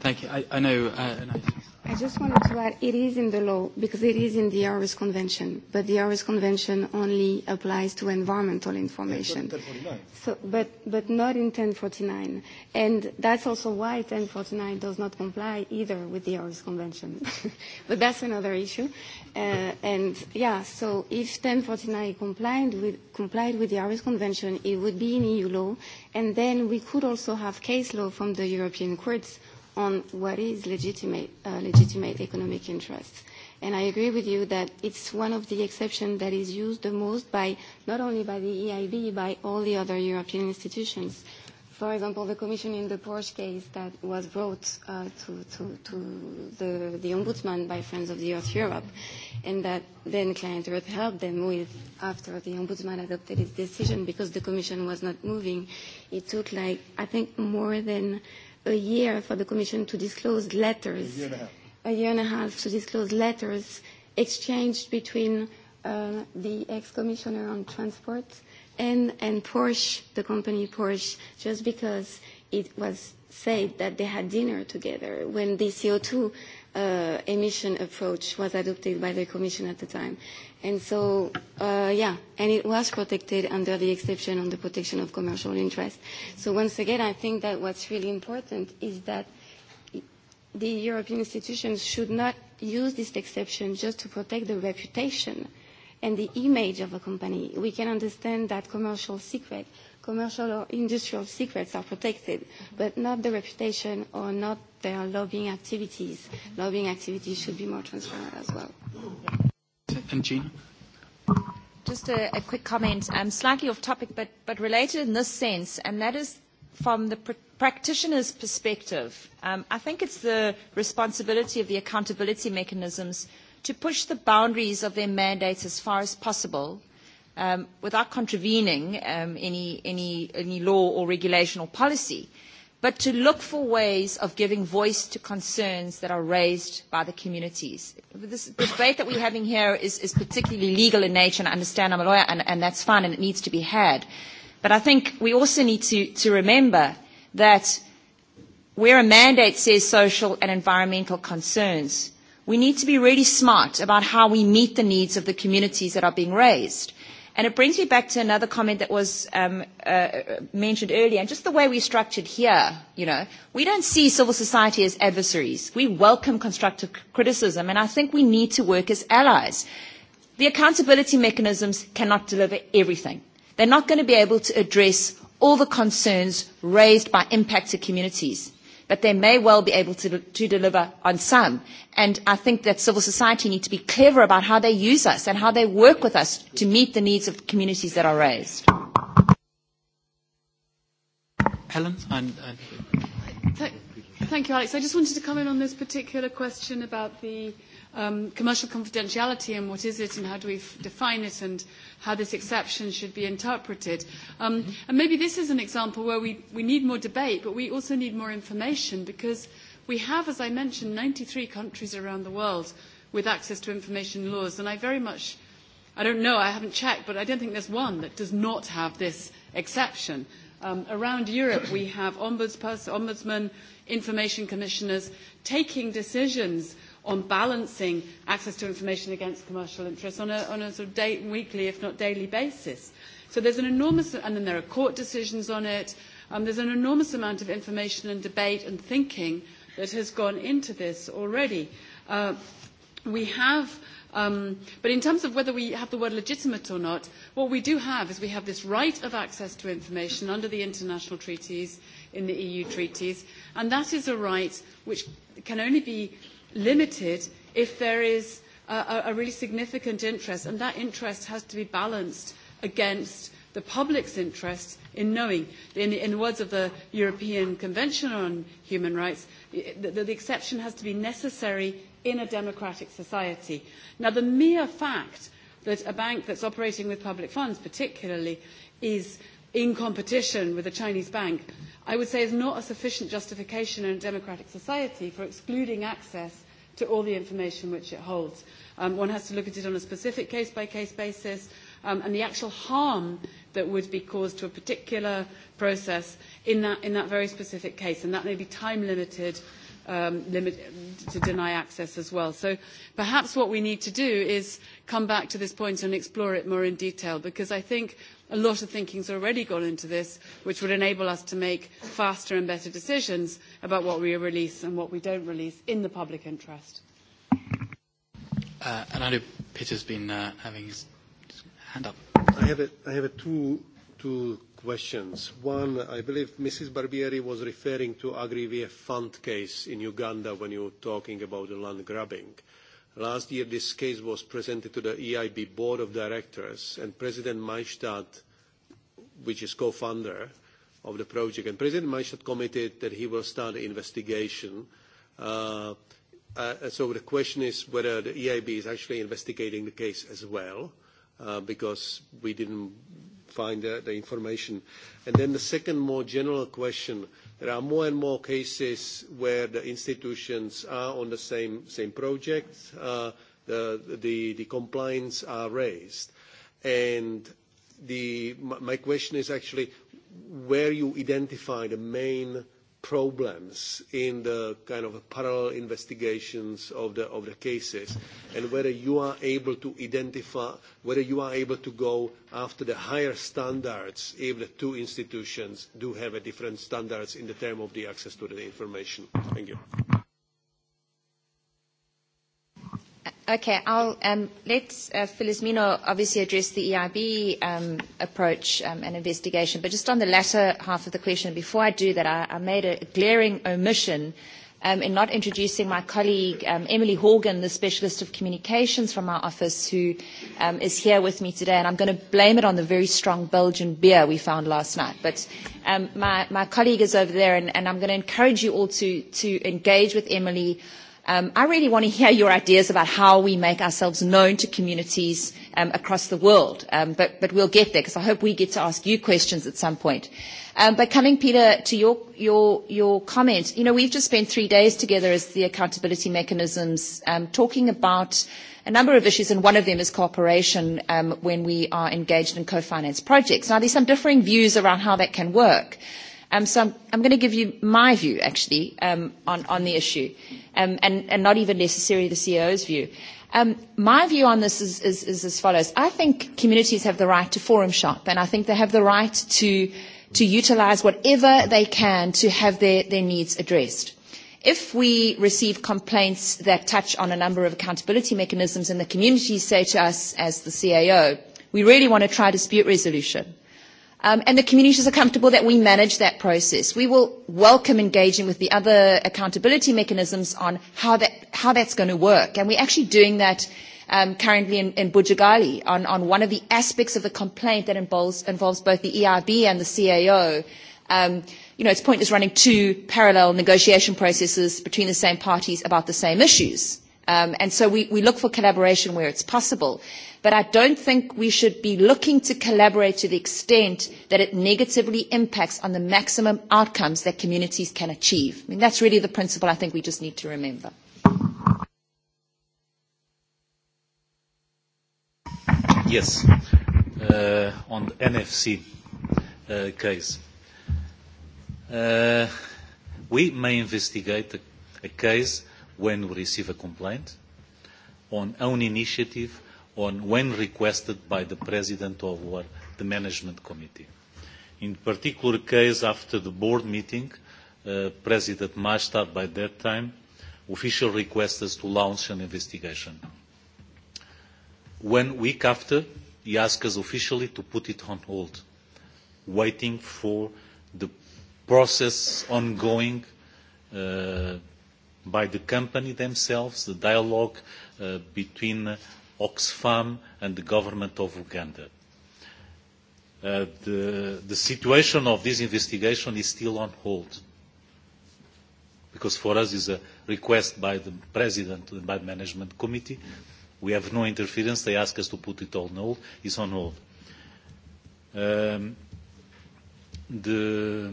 Thank you. I, I know. Uh, I just wanted to add, it is in the law because it is in the Aarhus Convention, but the Aarhus Convention only applies to environmental information. So, but, but not in 1049. And that's also why 1049 does not comply either with the Aarhus Convention. but that's another issue. and yeah, so if 1049 complied with, complied with the Aarhus Convention, it would be in EU law. And then we could also have case law from the European courts on what is legitimate legitimate economic interests. And I agree with you that it's one of the exceptions that is used the most by not only by the EIB, by all the other European institutions. For example, the Commission in the Porsche case that was brought to, to, to the, the Ombudsman by Friends of the Earth Europe, and that then Client Earth helped them with after the Ombudsman adopted its decision because the Commission was not moving. It took like, I think, more than a year for the Commission to disclose letters, a year and a half to disclose letters exchanged between the ex-commissioner on transport and Porsche, the company Porsche, just because it was said that they had dinner together when the CO2 emission approach was adopted by the Commission at the time. And so, yeah, and it was protected under the exception on the protection of commercial interests. So once again, I think that what's really important is that the European institutions should not use this exception just to protect the reputation and the image of a company. We can understand that commercial secret commercial or industrial secrets are protected, but not the reputation or not their lobbying activities. Lobbying activities should be more transparent as well. And Jean? Just a quick comment, slightly off topic, but related in this sense, and that is from the practitioner's perspective. I think it's the responsibility of the accountability mechanisms to push the boundaries of their mandates as far as possible without contravening any law or regulation or policy, but to look for ways of giving voice to concerns that are raised by the communities. The debate that we're having here is particularly legal in nature, and I understand I'm a lawyer, and that's fine, and it needs to be had. But I think we also need to remember that where a mandate says social and environmental concerns, we need to be really smart about how we meet the needs of the communities that are being raised. And it brings me back to another comment that was mentioned earlier, and just the way we structured here. You know, we don't see civil society as adversaries. We welcome constructive criticism, and I think we need to work as allies. The accountability mechanisms cannot deliver everything. They're not going to be able to address all the concerns raised by impacted communities but they may well be able to deliver on some. And I think that civil society need to be clever about how they use us and how they work with us to meet the needs of communities that are raised. Helen? Thank you, Alex. I just wanted to come in on this particular question about the commercial confidentiality and what is it and how do we define it and how this exception should be interpreted. And maybe this is an example where we we need more debate, but we also need more information because we have, as I mentioned, 93 countries around the world with access to information laws, and I very much, I don't know, I haven't checked, but I don't think there's one that does not have this exception. Around Europe, we have ombudsmen, information commissioners taking decisions on balancing access to information against commercial interests on a sort of weekly, if not daily basis. So there's an enormous, and then there are court decisions on it. There's an enormous amount of information and debate and thinking that has gone into this already. We have, but in terms of whether we have the word legitimate or not, what we do have is we have this right of access to information under the international treaties in the EU treaties, and that is a right which can only be limited if there is a really significant interest, and that interest has to be balanced against the public's interest in knowing. In the words of the European Convention on Human Rights, the exception has to be necessary in a democratic society. Now, the mere fact that a bank that's operating with public funds particularly is in competition with a Chinese bank I would say is not a sufficient justification in a democratic society for excluding access to all the information which it holds. One has to look at it on a specific case-by-case basis, and the actual harm that would be caused to a particular process in that very specific case, and that may be time-limited to deny access as well. So perhaps what we need to do is come back to this point and explore it more in detail, because I think a lot of thinking has already gone into this, which would enable us to make faster and better decisions about what we release and what we don't release in the public interest. And I know Peter's been having his hand up. I have two questions. One, I believe Mrs. Barbieri was referring to Agri-VF fund case in Uganda when you were talking about the land grabbing. Last year, this case was presented to the EIB Board of Directors and President Maystadt, which is co-founder of the project, and President Maystadt committed that he will start an investigation. So the question is whether the EIB is actually investigating the case as well, because we didn't find the information. And then the second more general question, there are more and more cases where the institutions are on the same same project, the the compliance are raised. And the my question is actually where you identify the main problems in the kind of parallel investigations of the of the cases and whether you are able to identify whether you are able to go after the higher standards if the two institutions do have different standards in the term of the access to the information. Thank you. Okay, I'll let Felizmino obviously address the EIB approach and investigation, but just on the latter half of the question, before I do that, I made a glaring omission in not introducing my colleague Emily Horgan, the specialist of communications from our office, who is here with me today, and I'm going to blame it on the very strong Belgian beer we found last night. But my colleague is over there, and I'm going to encourage you all to engage with Emily I really want to hear your ideas about how we make ourselves known to communities across the world. But we'll get there because I hope we get to ask you questions at some point. But coming, Peter, to your your comment, you know, we've just spent three days together as the accountability mechanisms talking about a number of issues, and one of them is cooperation when we are engaged in co-finance projects. Now, there's some differing views around how that can work. So I'm going to give you my view, actually, on the issue, and not even necessarily the CEO's view. My view on this is as follows. I think communities have the right to forum shop, and I think they have the right to utilise whatever they can to have their needs addressed. If we receive complaints that touch on a number of accountability mechanisms, and the communities say to us, as the CAO, we really want to try dispute resolution and the communities are comfortable that we manage that process. We will welcome engaging with the other accountability mechanisms on how that's going to work. And we're actually doing that currently in Bujagali on one of the aspects of the complaint that involves both the EIB and the CAO. You know, It's pointless running two parallel negotiation processes between the same parties about the same issues. And so we look for collaboration where it's possible but I don't think we should be looking to collaborate to the extent that it negatively impacts on the maximum outcomes that communities can achieve. I mean, that's really the principle I think we just need to remember. Yes, on the NFC case. We may investigate a case when we receive a complaint on own initiative on when requested by the President of the Management Committee. In particular case, after the board meeting, President Maastad by that time, official requested to launch an investigation. One week after, he asked us officially to put it on hold, waiting for the process ongoing by the company themselves, the dialogue between Oxfam and the government of Uganda. The situation of this investigation is still on hold because for us is a request by the President and by the Management Committee. We have no interference. They ask us to put it on hold. It's on hold. The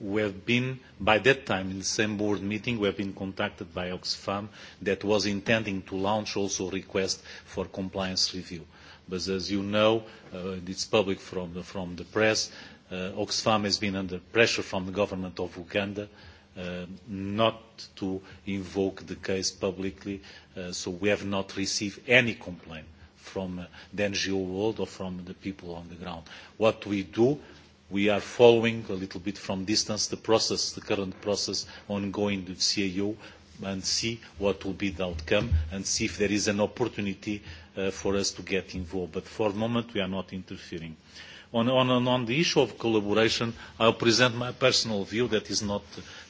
We have been, by that time, in the same board meeting, we have been contacted by Oxfam that was intending to launch also a request for compliance review. But as you know, it's public from the press, Oxfam has been under pressure from the government of Uganda not to invoke the case publicly, so we have not received any complaint from the NGO world or from the people on the ground. What we do We are following a little bit from distance the process, the current process ongoing with CAO, and see what will be the outcome and see if there is an opportunity for us to get involved. But for the moment, we are not interfering. On the issue of collaboration, I'll present my personal view that is not,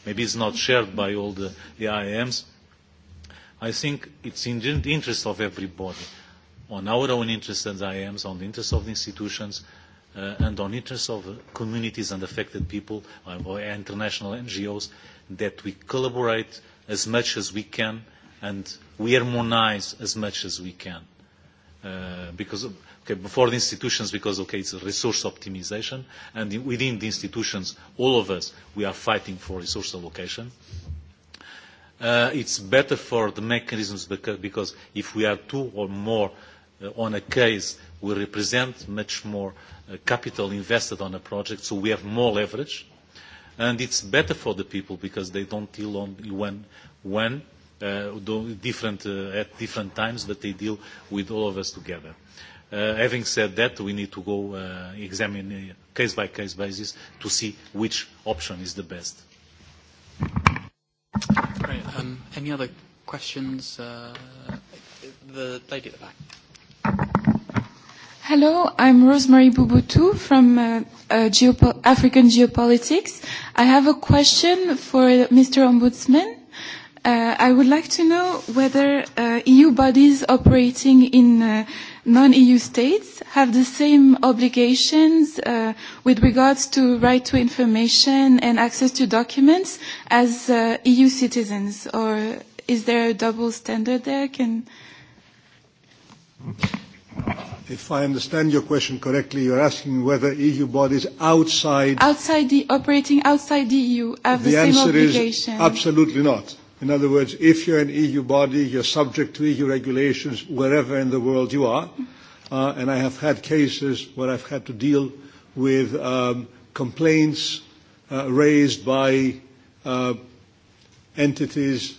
maybe is not shared by all the IAMs. I think it's in the interest of everybody, on our own interests as IAMs, on the interests of the institutions, and on interests of communities and affected people or international NGOs that we collaborate as much as we can and we harmonise as much as we can. Because before the institutions, because okay, it's resource optimisation, and within the institutions, all of us we are fighting for resource allocation. It's better for the mechanisms because if we are two or more on a case We represent much more capital invested on a project, so we have more leverage. And it's better for the people because they don't deal only one, different at different times, but they deal with all of us together. Having said that, we need to go examine case-by-case basis to see which option is the best. Any other questions? The lady at the back. Hello, I'm Rosemary Bubutu from African Geopolitics. I have a question for Mr. Ombudsman. I would like to know whether EU bodies operating in non-EU states have the same obligations with regards to right to information and access to documents as EU citizens, or is there a double standard there? Can If I understand your question correctly, you're asking whether EU bodies outside... Outside the, operating outside the EU have the same obligation. The answer is absolutely not. In other words, if you're an EU body, you're subject to EU regulations wherever in the world you are. And I have had cases where I've had to deal with complaints raised by entities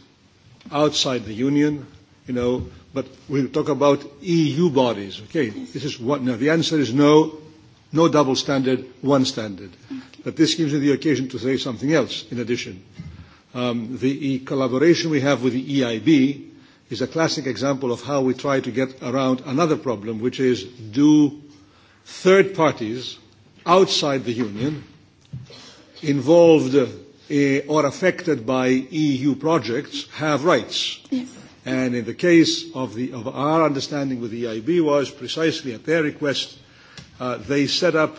outside the Union, you know, but we talk about EU bodies. Okay, this is what No, the answer is no, no double standard, one standard. But this gives me the occasion to say something else in addition. Um, the collaboration we have with the EIB is a classic example of how we try to get around another problem, which is do third parties outside the Union involved or affected by EU projects have rights. Yes. And in the case of the of our understanding with the EIB was precisely at their request they set up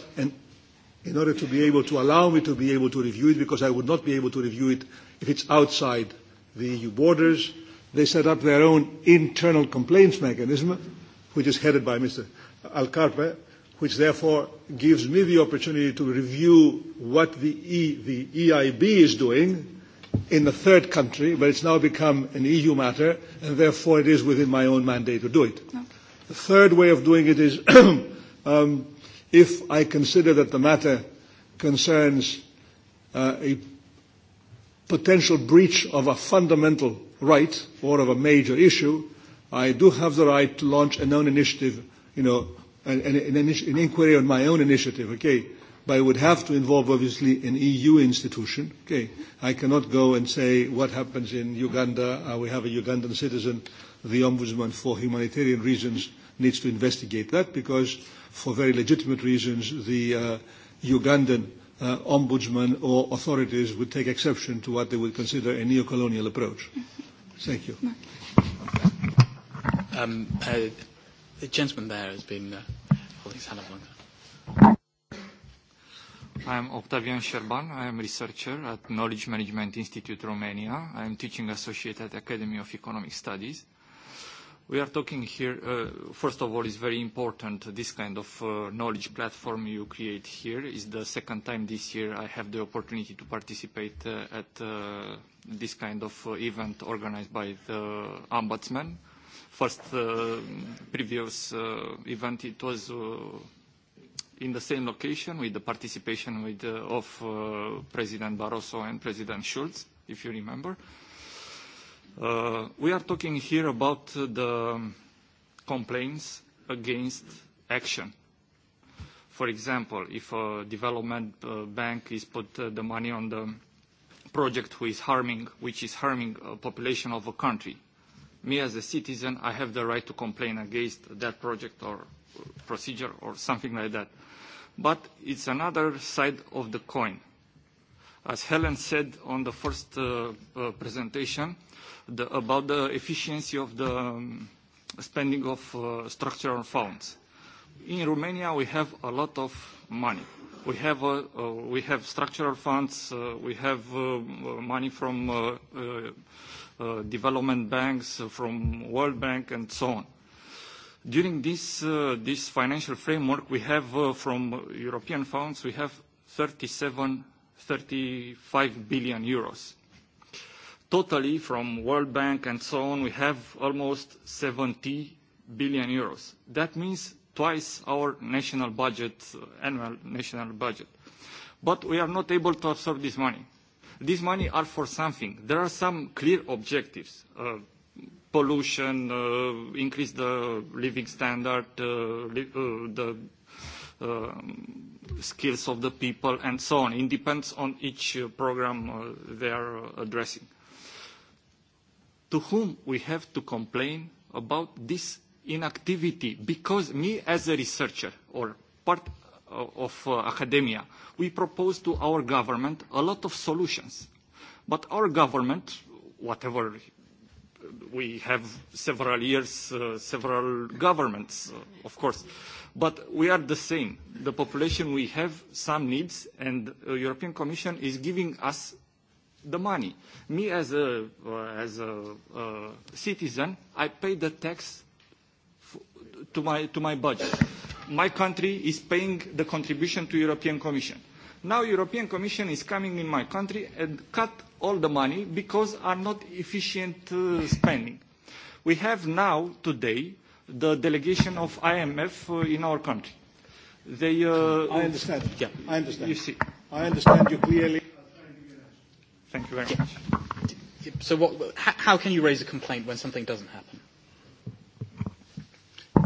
in order to be able to allow me to be able to review it because I would not be able to review it if it's outside the EU borders. They set up their own internal complaints mechanism, which is headed by Mr. Alcarpe, which therefore gives me the opportunity to review what the EIB is doing in the third country, but it's now become an EU matter, and therefore it is within my own mandate to do it. The third way of doing it is if I consider that the matter concerns a potential breach of a fundamental right or of a major issue, I do have the right to launch a own initiative, you know, an inquiry on my own initiative, okay? I would have to involve obviously an EU institution. Okay, I cannot go and say what happens in Uganda. We have a Ugandan citizen. The ombudsman, for humanitarian reasons, needs to investigate that because, for very legitimate reasons, the Ugandan ombudsman or authorities would take exception to what they would consider a neocolonial approach. Thank you. The gentleman there has been I am Octavian Sherban. I am researcher at Knowledge Management Institute Romania. I am teaching associate at Academy of Economic Studies. We are talking here, first of all, it's very important, this kind of knowledge platform you create here. It's the second time this year I have the opportunity to participate at this kind of event organized by the Ombudsman. First previous event, it was in the same location with the participation of President Barroso and President Schulz, if you remember. We are talking here about the complaints against action. For example, if a development bank is put the money on the project which is harming, which is harming a population of a country, me as a citizen, I have the right to complain against that project or procedure or something like that but it's another side of the coin. As Helen said on the first presentation about the efficiency of the spending of structural funds. In Romania, we have a lot of money. We have structural funds, we have money from development banks, from World Bank and so on. During this financial framework, we have from European funds, we have 37, 35 billion euros. Totally from World Bank and so on, we have almost 70 billion euros. That means twice our national budget, annual national budget. But we are not able to absorb this money. This money are for something. There are some clear objectives pollution, increase the living standard, the skills of the people, and so on. It depends on each program they are addressing. To whom we have to complain about this inactivity? Because me, as a researcher or part of academia, we propose to our government a lot of solutions. But our government, whatever we have several years, several governments, of course. But we are the same. The population, we have some needs, and the European Commission is giving us the money. Me, as a citizen, I pay the tax to my budget. My country is paying the contribution to the European Commission. Now European Commission is coming in my country and cut all the money because are not efficient spending. We have now today the delegation of IMF in our country. I understand. I understand. You see. I understand you clearly. Thank you very much. So how can you raise a complaint when something doesn't happen?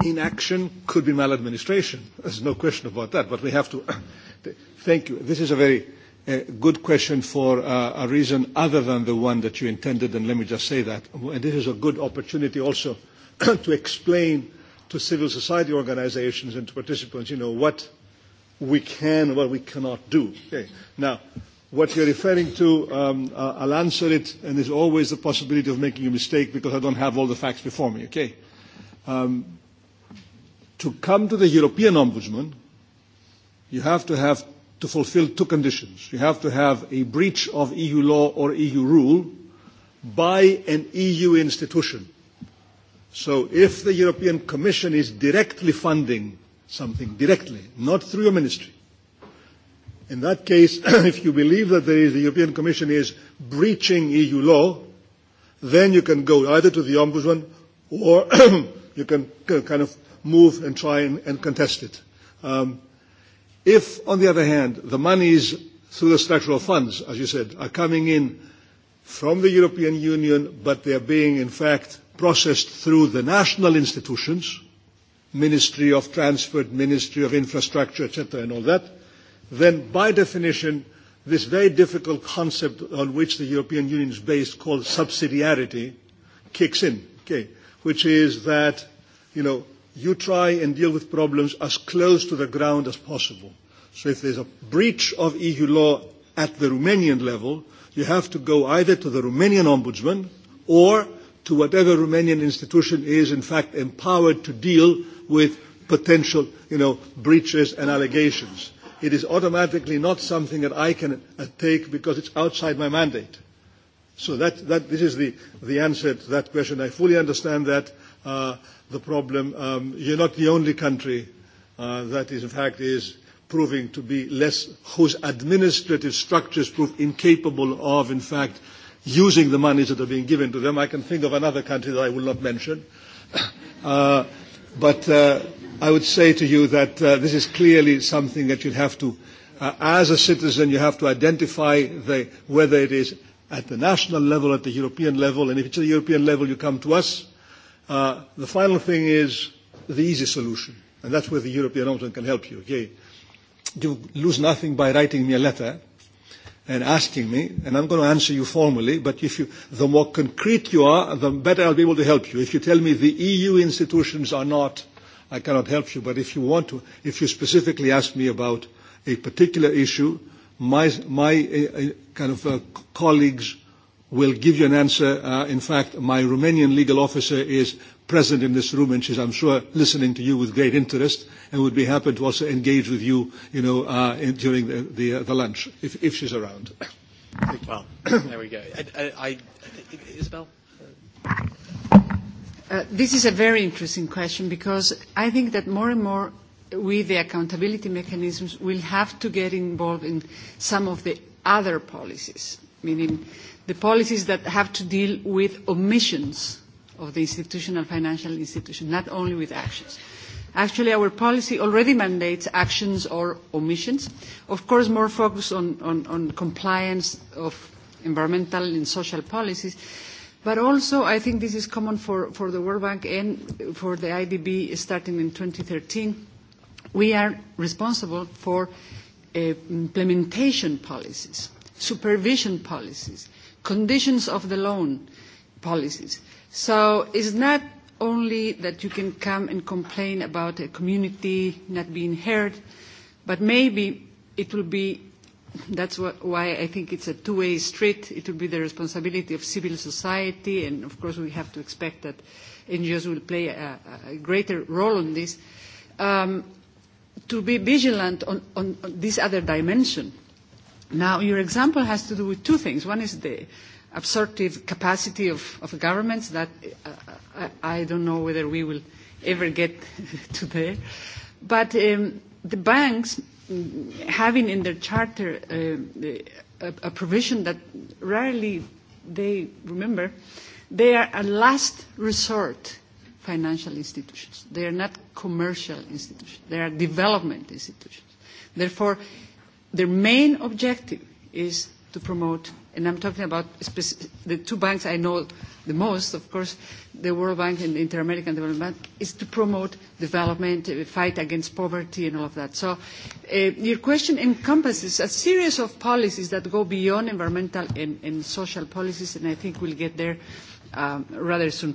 Inaction could be maladministration. There is no question about that. But we have to Thank you. This is a very good question for a reason other than the one that you intended, and let me just say that. And this is a good opportunity also to explain to civil society organizations and to participants, you know, what we can and what we cannot do. Now, what you're referring to, I'll answer it, and there's always the possibility of making a mistake because I don't have all the facts before me, okay? To come to the European Ombudsman, you have to have to fulfill two conditions. You have to have a breach of EU law or EU rule by an EU institution. So if the European Commission is directly funding something, directly, not through your ministry, in that case, if you believe that the European Commission is breaching EU law, then you can go either to the Ombudsman or you can kind of move and try and contest it. If, on the other hand, the monies through the structural funds, as you said, are coming in from the European Union, but they are being, in fact, processed through the national institutions, Ministry of Transport, Ministry of Infrastructure, etc., and all that, then by definition, this very difficult concept on which the European Union is based called subsidiarity kicks in, okay, which is that, you know, you try and deal with problems as close to the ground as possible. So if there's a breach of EU law at the Romanian level, you have to go either to the Romanian ombudsman or to whatever Romanian institution is in fact empowered to deal with potential breaches and allegations. It is automatically not something that I can take because it's outside my mandate. So that this is the answer to that question. I fully understand that the problem. You're not the only country that is in fact is proving to be less, whose administrative structures prove incapable of in fact using the monies that are being given to them. I can think of another country that I will not mention. But I would say to you that this is clearly something that you have to, as a citizen, you have to identify whether it is at the national level, at the European level, and if it's at the European level, you come to us The final thing is the easy solution, and that's where the European Ombudsman can help you. Okay, you lose nothing by writing me a letter and asking me, and I'm going to answer you formally. But if you, the more concrete you are, the better I'll be able to help you. If you tell me the EU institutions are not, I cannot help you. But if you want to, if you specifically ask me about a particular issue, my my kind of colleagues will give you an answer. In fact, my Romanian legal officer is present in this room, and she's, I'm sure, listening to you with great interest, and would be happy to also engage with you, you know, during the lunch, if she's around. Well, there we go. Isabel? This is a very interesting question because I think that more and more we, the accountability mechanisms, will have to get involved in some of the other policies, meaning the policies that have to deal with omissions of the institutional financial institution, not only with actions. Actually, our policy already mandates actions or omissions, of course more focus on compliance of environmental and social policies, but also I think this is common for the World Bank and for the IDB starting in 2013. We are responsible for implementation policies, supervision policies conditions of the loan policies. So it's not only that you can come and complain about a community not being heard, but maybe it will be, that's why I think it's a two-way street, it will be the responsibility of civil society, and of course we have to expect that NGOs will play a greater role in this, to be vigilant on this other dimension Now, your example has to do with two things. One is the absorptive capacity of governments that I don't know whether we will ever get to there. But the banks, having in their charter a provision that rarely they remember, they are a last resort financial institutions. They are not commercial institutions. They are development institutions. Therefore, Their main objective is to promote, and I'm talking about the two banks I know the most, of course, the World Bank and the Inter-American Development Bank, is to promote development, fight against poverty and all of that. So your question encompasses a series of policies that go beyond environmental and social policies, and I think we'll get there rather soon.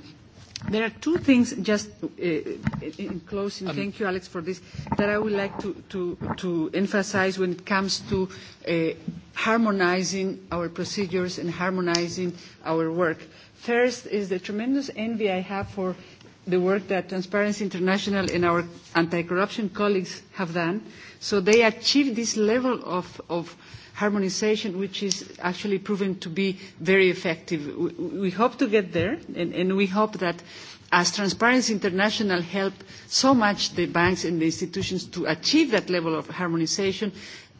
There are two things, just in closing, thank you, Alex, for this, that I would like to emphasize when it comes to harmonizing our procedures and harmonizing our work. First is the tremendous envy I have for the work that Transparency International and our anti-corruption colleagues have done. So they achieved this level of Harmonisation, which is actually proven to be very effective. We hope to get there, and we hope that as Transparency International helps so much the banks and the institutions to achieve that level of harmonisation,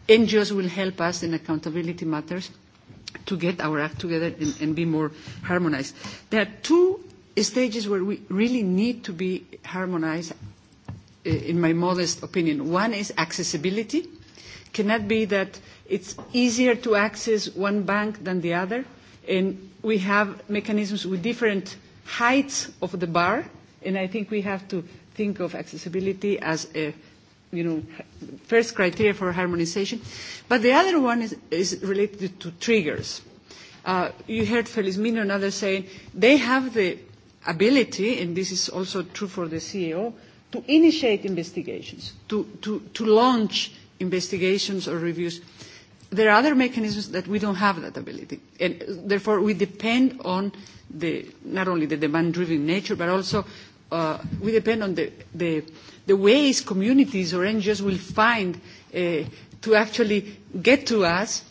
NGOs will help us in accountability matters to get our act together and be more harmonised. There are two stages where we really need to be harmonised, in my modest opinion. One is accessibility cannot be that it's easier to access one bank than the other. And we have mechanisms with different heights of the bar. And I think we have to think of accessibility as a you know, first criteria for harmonisation. But the other one is, is related to triggers. you heard Mino and others saying they have the ability, and this is also true for the CEO, to initiate investigations, to, to, to launch investigations or reviews. There are other mechanisms that we don't have that ability, and therefore we depend on the not only the demand-driven nature, but also we depend on the the ways communities or NGOs will find to actually get to us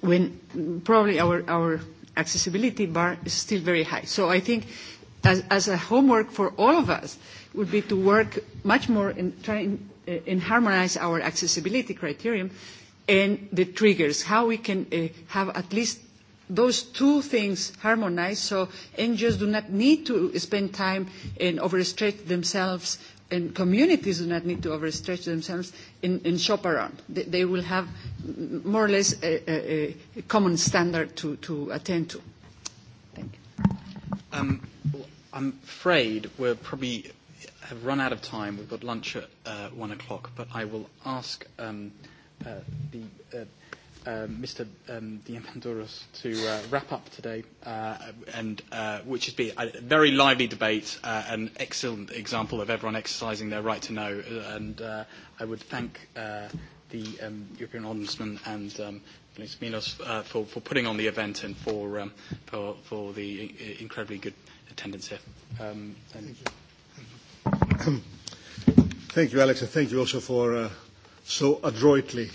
when probably our our accessibility bar is still very high. So I think as a homework for all of us would be to work much more in trying and harmonize our accessibility criterion and the triggers, how we can have at least those two things harmonized so NGOs do not need to spend time and overstretch themselves and communities do not need to overstretch themselves and shop around. They will have more or less a common standard to attend to. Thank you. I'm afraid we're probably have run out of time. We've got lunch at one o'clock, but I will ask um, uh, the, uh, Mr. Um, Diamandouros to uh, wrap up today, uh, and uh, which has been a very lively debate, uh, an excellent example of everyone exercising their right to know, and uh, I would thank uh, the um, European Ombudsman and um, Milos for, for putting on the event and for, um, for, for the incredibly good attendance here. Um, and Thank you, Alex, and thank you also for so adroitly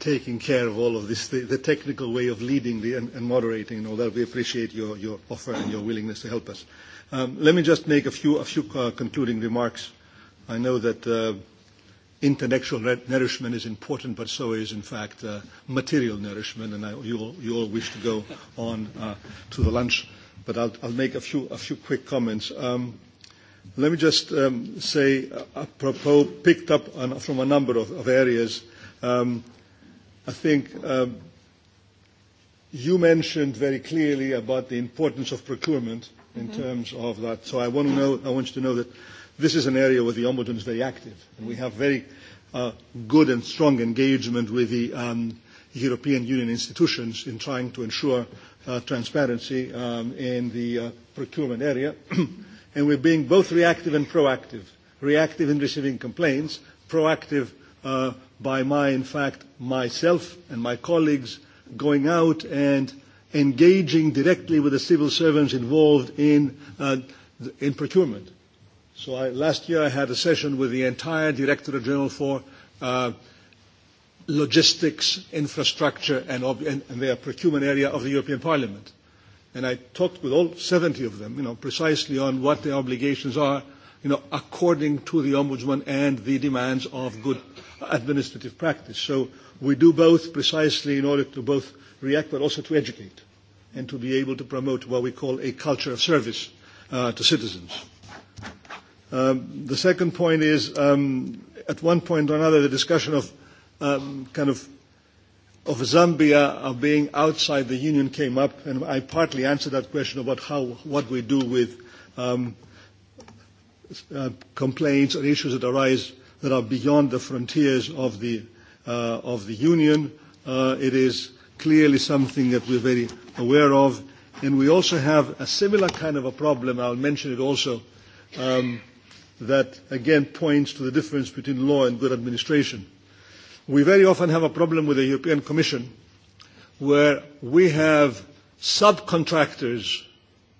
taking care of all of this, the technical way of leading and moderating and all that. We appreciate your offer and your willingness to help us. Let me just make a few concluding remarks. I know that intellectual nourishment is important, but so is, in fact, material nourishment, and you all wish to go on to the lunch. But I'll make a few quick comments. Let me just say, apropos, picked up from a number of areas. I think you mentioned very clearly about the importance of procurement in terms of that. So I want to know, I want you to know that this is an area where the Ombudsman is very active. And we have very good and strong engagement with the European Union institutions in trying to ensure transparency in the procurement area and we're being both reactive and proactive. Reactive in receiving complaints, proactive by my, in fact, myself and my colleagues going out and engaging directly with the civil servants involved in in procurement. So last year I had a session with the entire Directorate General for Logistics, Infrastructure and their procurement area of the European Parliament and I talked with all 70 of them, you know, precisely on what their obligations are, you know, according to the Ombudsman and the demands of good administrative practice. So we do both precisely in order to both react but also to educate and to be able to promote what we call a culture of service to citizens. The second point is, at one point or another, the discussion of kind of of Zambia being outside the Union came up, and I partly answered that question about how what we do with complaints or issues that arise that are beyond the frontiers of the of the Union. It is clearly something that we're very aware of, and we also have a similar kind of a problem. I'll mention it also that again points to the difference between law and good administration We very often have a problem with the European Commission where we have subcontractors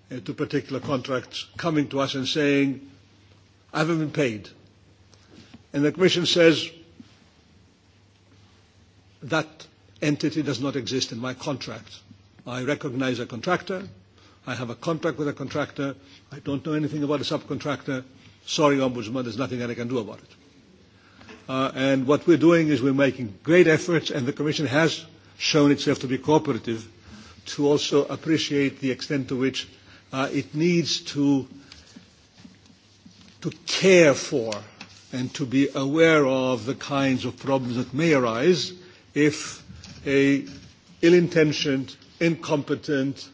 to particular contracts coming to us and saying, I haven't been paid. And the Commission says, that entity does not exist in my contract. I recognize a contractor. I have a contract with a contractor. I don't know anything about a subcontractor. Sorry, Ombudsman, there's nothing that I can do about it. And what we're doing is we're making great efforts, and the Commission has shown itself to be cooperative, to also appreciate the extent to which it needs to to care for and to be aware of the kinds of problems that may arise if a ill-intentioned, incompetent,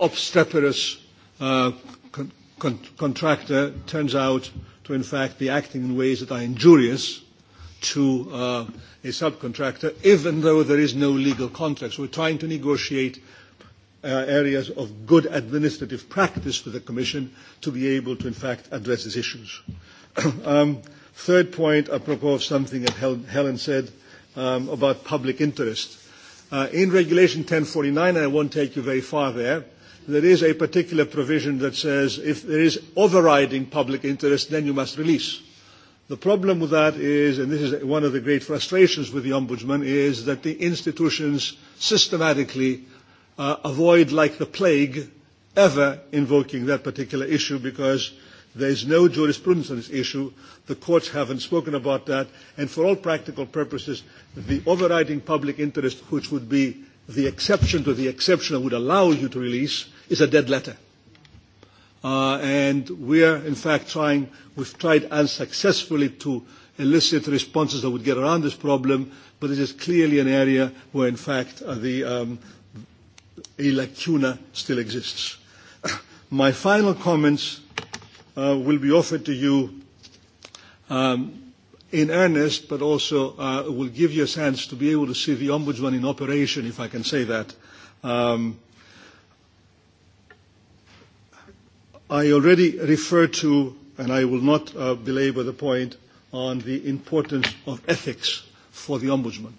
obstreperous contractor turns out to in fact be acting in ways that are injurious to a subcontractor, even though there is no legal contract. So we're trying to negotiate areas of good administrative practice for the Commission to be able to in fact address these issues. Third point, apropos of something that Helen said about public interest. In Regulation 1049, and I won't take you very far there, there is a particular provision that says if there is overriding public interest, then you must release. The problem with that is, and this is one of the great frustrations with the Ombudsman, is that the institutions systematically avoid, like the plague, ever invoking that particular issue because there is no jurisprudence on this issue. The courts haven't spoken about that. And for all practical purposes, the overriding public interest, which would be the exception to the exception that would allow you to release is a dead letter. And we are, in fact, trying, we've tried unsuccessfully to elicit responses that would get around this problem, but it is clearly an area where, in fact, the a lacuna still exists. My final comments will be offered to you in earnest, but also will give you a sense to be able to see the Ombudsman in operation, if I can say that. I already referred to, and I will not belabor the point, on the importance of ethics for the Ombudsman.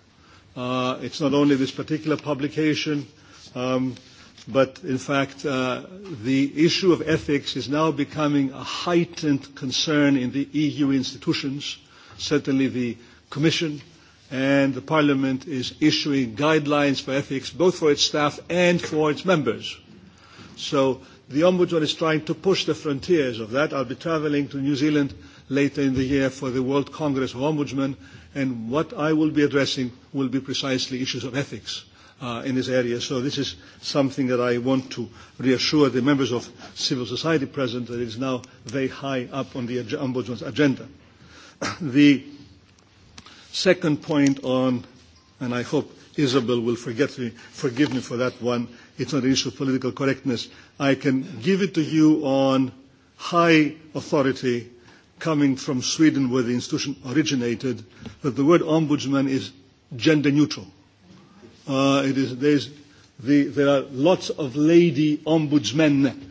It's not only this particular publication, but in fact the issue of ethics is now becoming a heightened concern in the EU institutions certainly the Commission and the Parliament is issuing guidelines for ethics, both for its staff and for its members. So the Ombudsman is trying to push the frontiers of that. I'll be travelling to New Zealand later in the year for the World Congress of Ombudsmen, and what I will be addressing will be precisely issues of ethics in this area. So this is something that I want to reassure the members of civil society present that it is now very high up on the Ombudsman's agenda. The second point on, and I hope Isabel will forget me, forgive me for that one, it's not an issue of political correctness. I can give it to you on high authority coming from Sweden where the institution originated that the word ombudsman is gender neutral. It is, the, there are lots of lady ombudsmen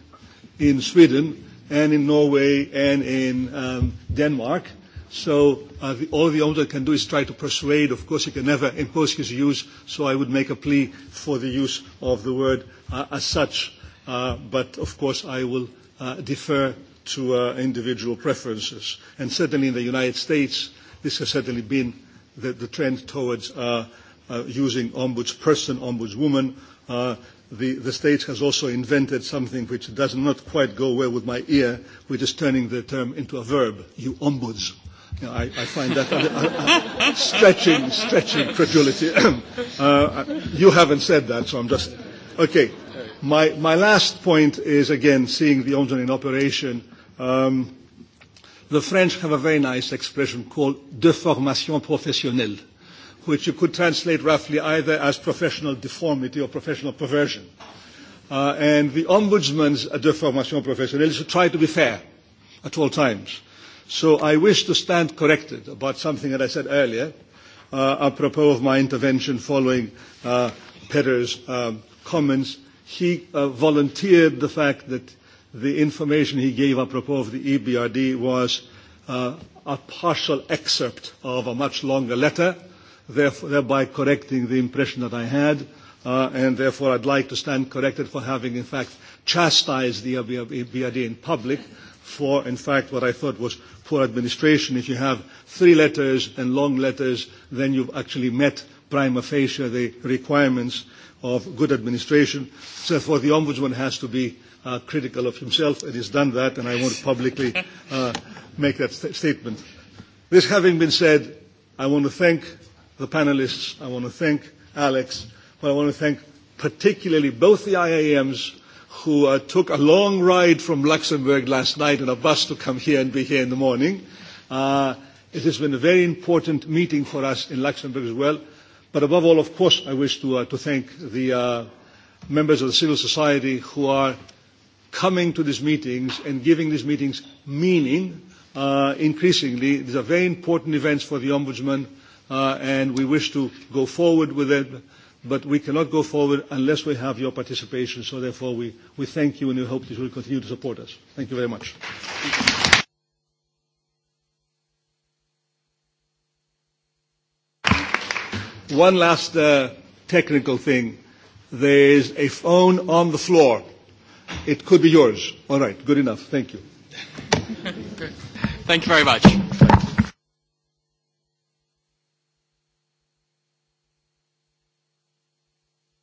in Sweden and in Norway and in Denmark So all the ombudsman can do is try to persuade. Of course, he can never impose his use. so I would make a plea for the use of the word as such. But, of course, I will defer to individual preferences. And certainly in the United States, this has certainly been the trend towards using ombudsperson, ombudswoman. The state has also invented something which does not quite go well with my ear, which is turning the term into a verb. You ombuds I, I find that stretching, stretching credulity. you haven't said that, so I'm just okay. My my last point is again seeing the engine in operation. Um, the French have a very nice expression called deformation professionnelle, which you could translate roughly either as professional deformity or professional perversion. Uh, and the ombudsman's deformation professionnelle is to try to be fair at all times So I wish to stand corrected about something that I said earlier apropos of my intervention following Petter's comments. He volunteered the fact that the information he gave apropos of the EBRD was a partial excerpt of a much longer letter, thereby correcting the impression that I had, and therefore I'd like to stand corrected for having, in fact, chastised the EBRD in public for, in fact, what I thought was poor administration. If you have three letters and long letters, then you've actually met prima facie the requirements of good administration. So therefore, the Ombudsman has to be critical of himself, and has done that, and I want to publicly make that statement. This having been said, I want to thank the panelists, I want to thank Alex, but I want to thank particularly both the IAMs who uh, took a long ride from Luxembourg last night in a bus to come here and be here in the morning. Uh, it has been a very important meeting for us in Luxembourg as well. But above all, of course, I wish to, uh, to thank the uh, members of the civil society who are coming to these meetings and giving these meetings meaning uh, increasingly. These are very important events for the Ombudsman, uh, and we wish to go forward with it but we cannot go forward unless we have your participation. So therefore, we, we thank you and we hope that you will continue to support us. Thank you very much. One last technical thing. There is a phone on the floor. It could be yours. All right. Good enough. Thank you. Thank you very much.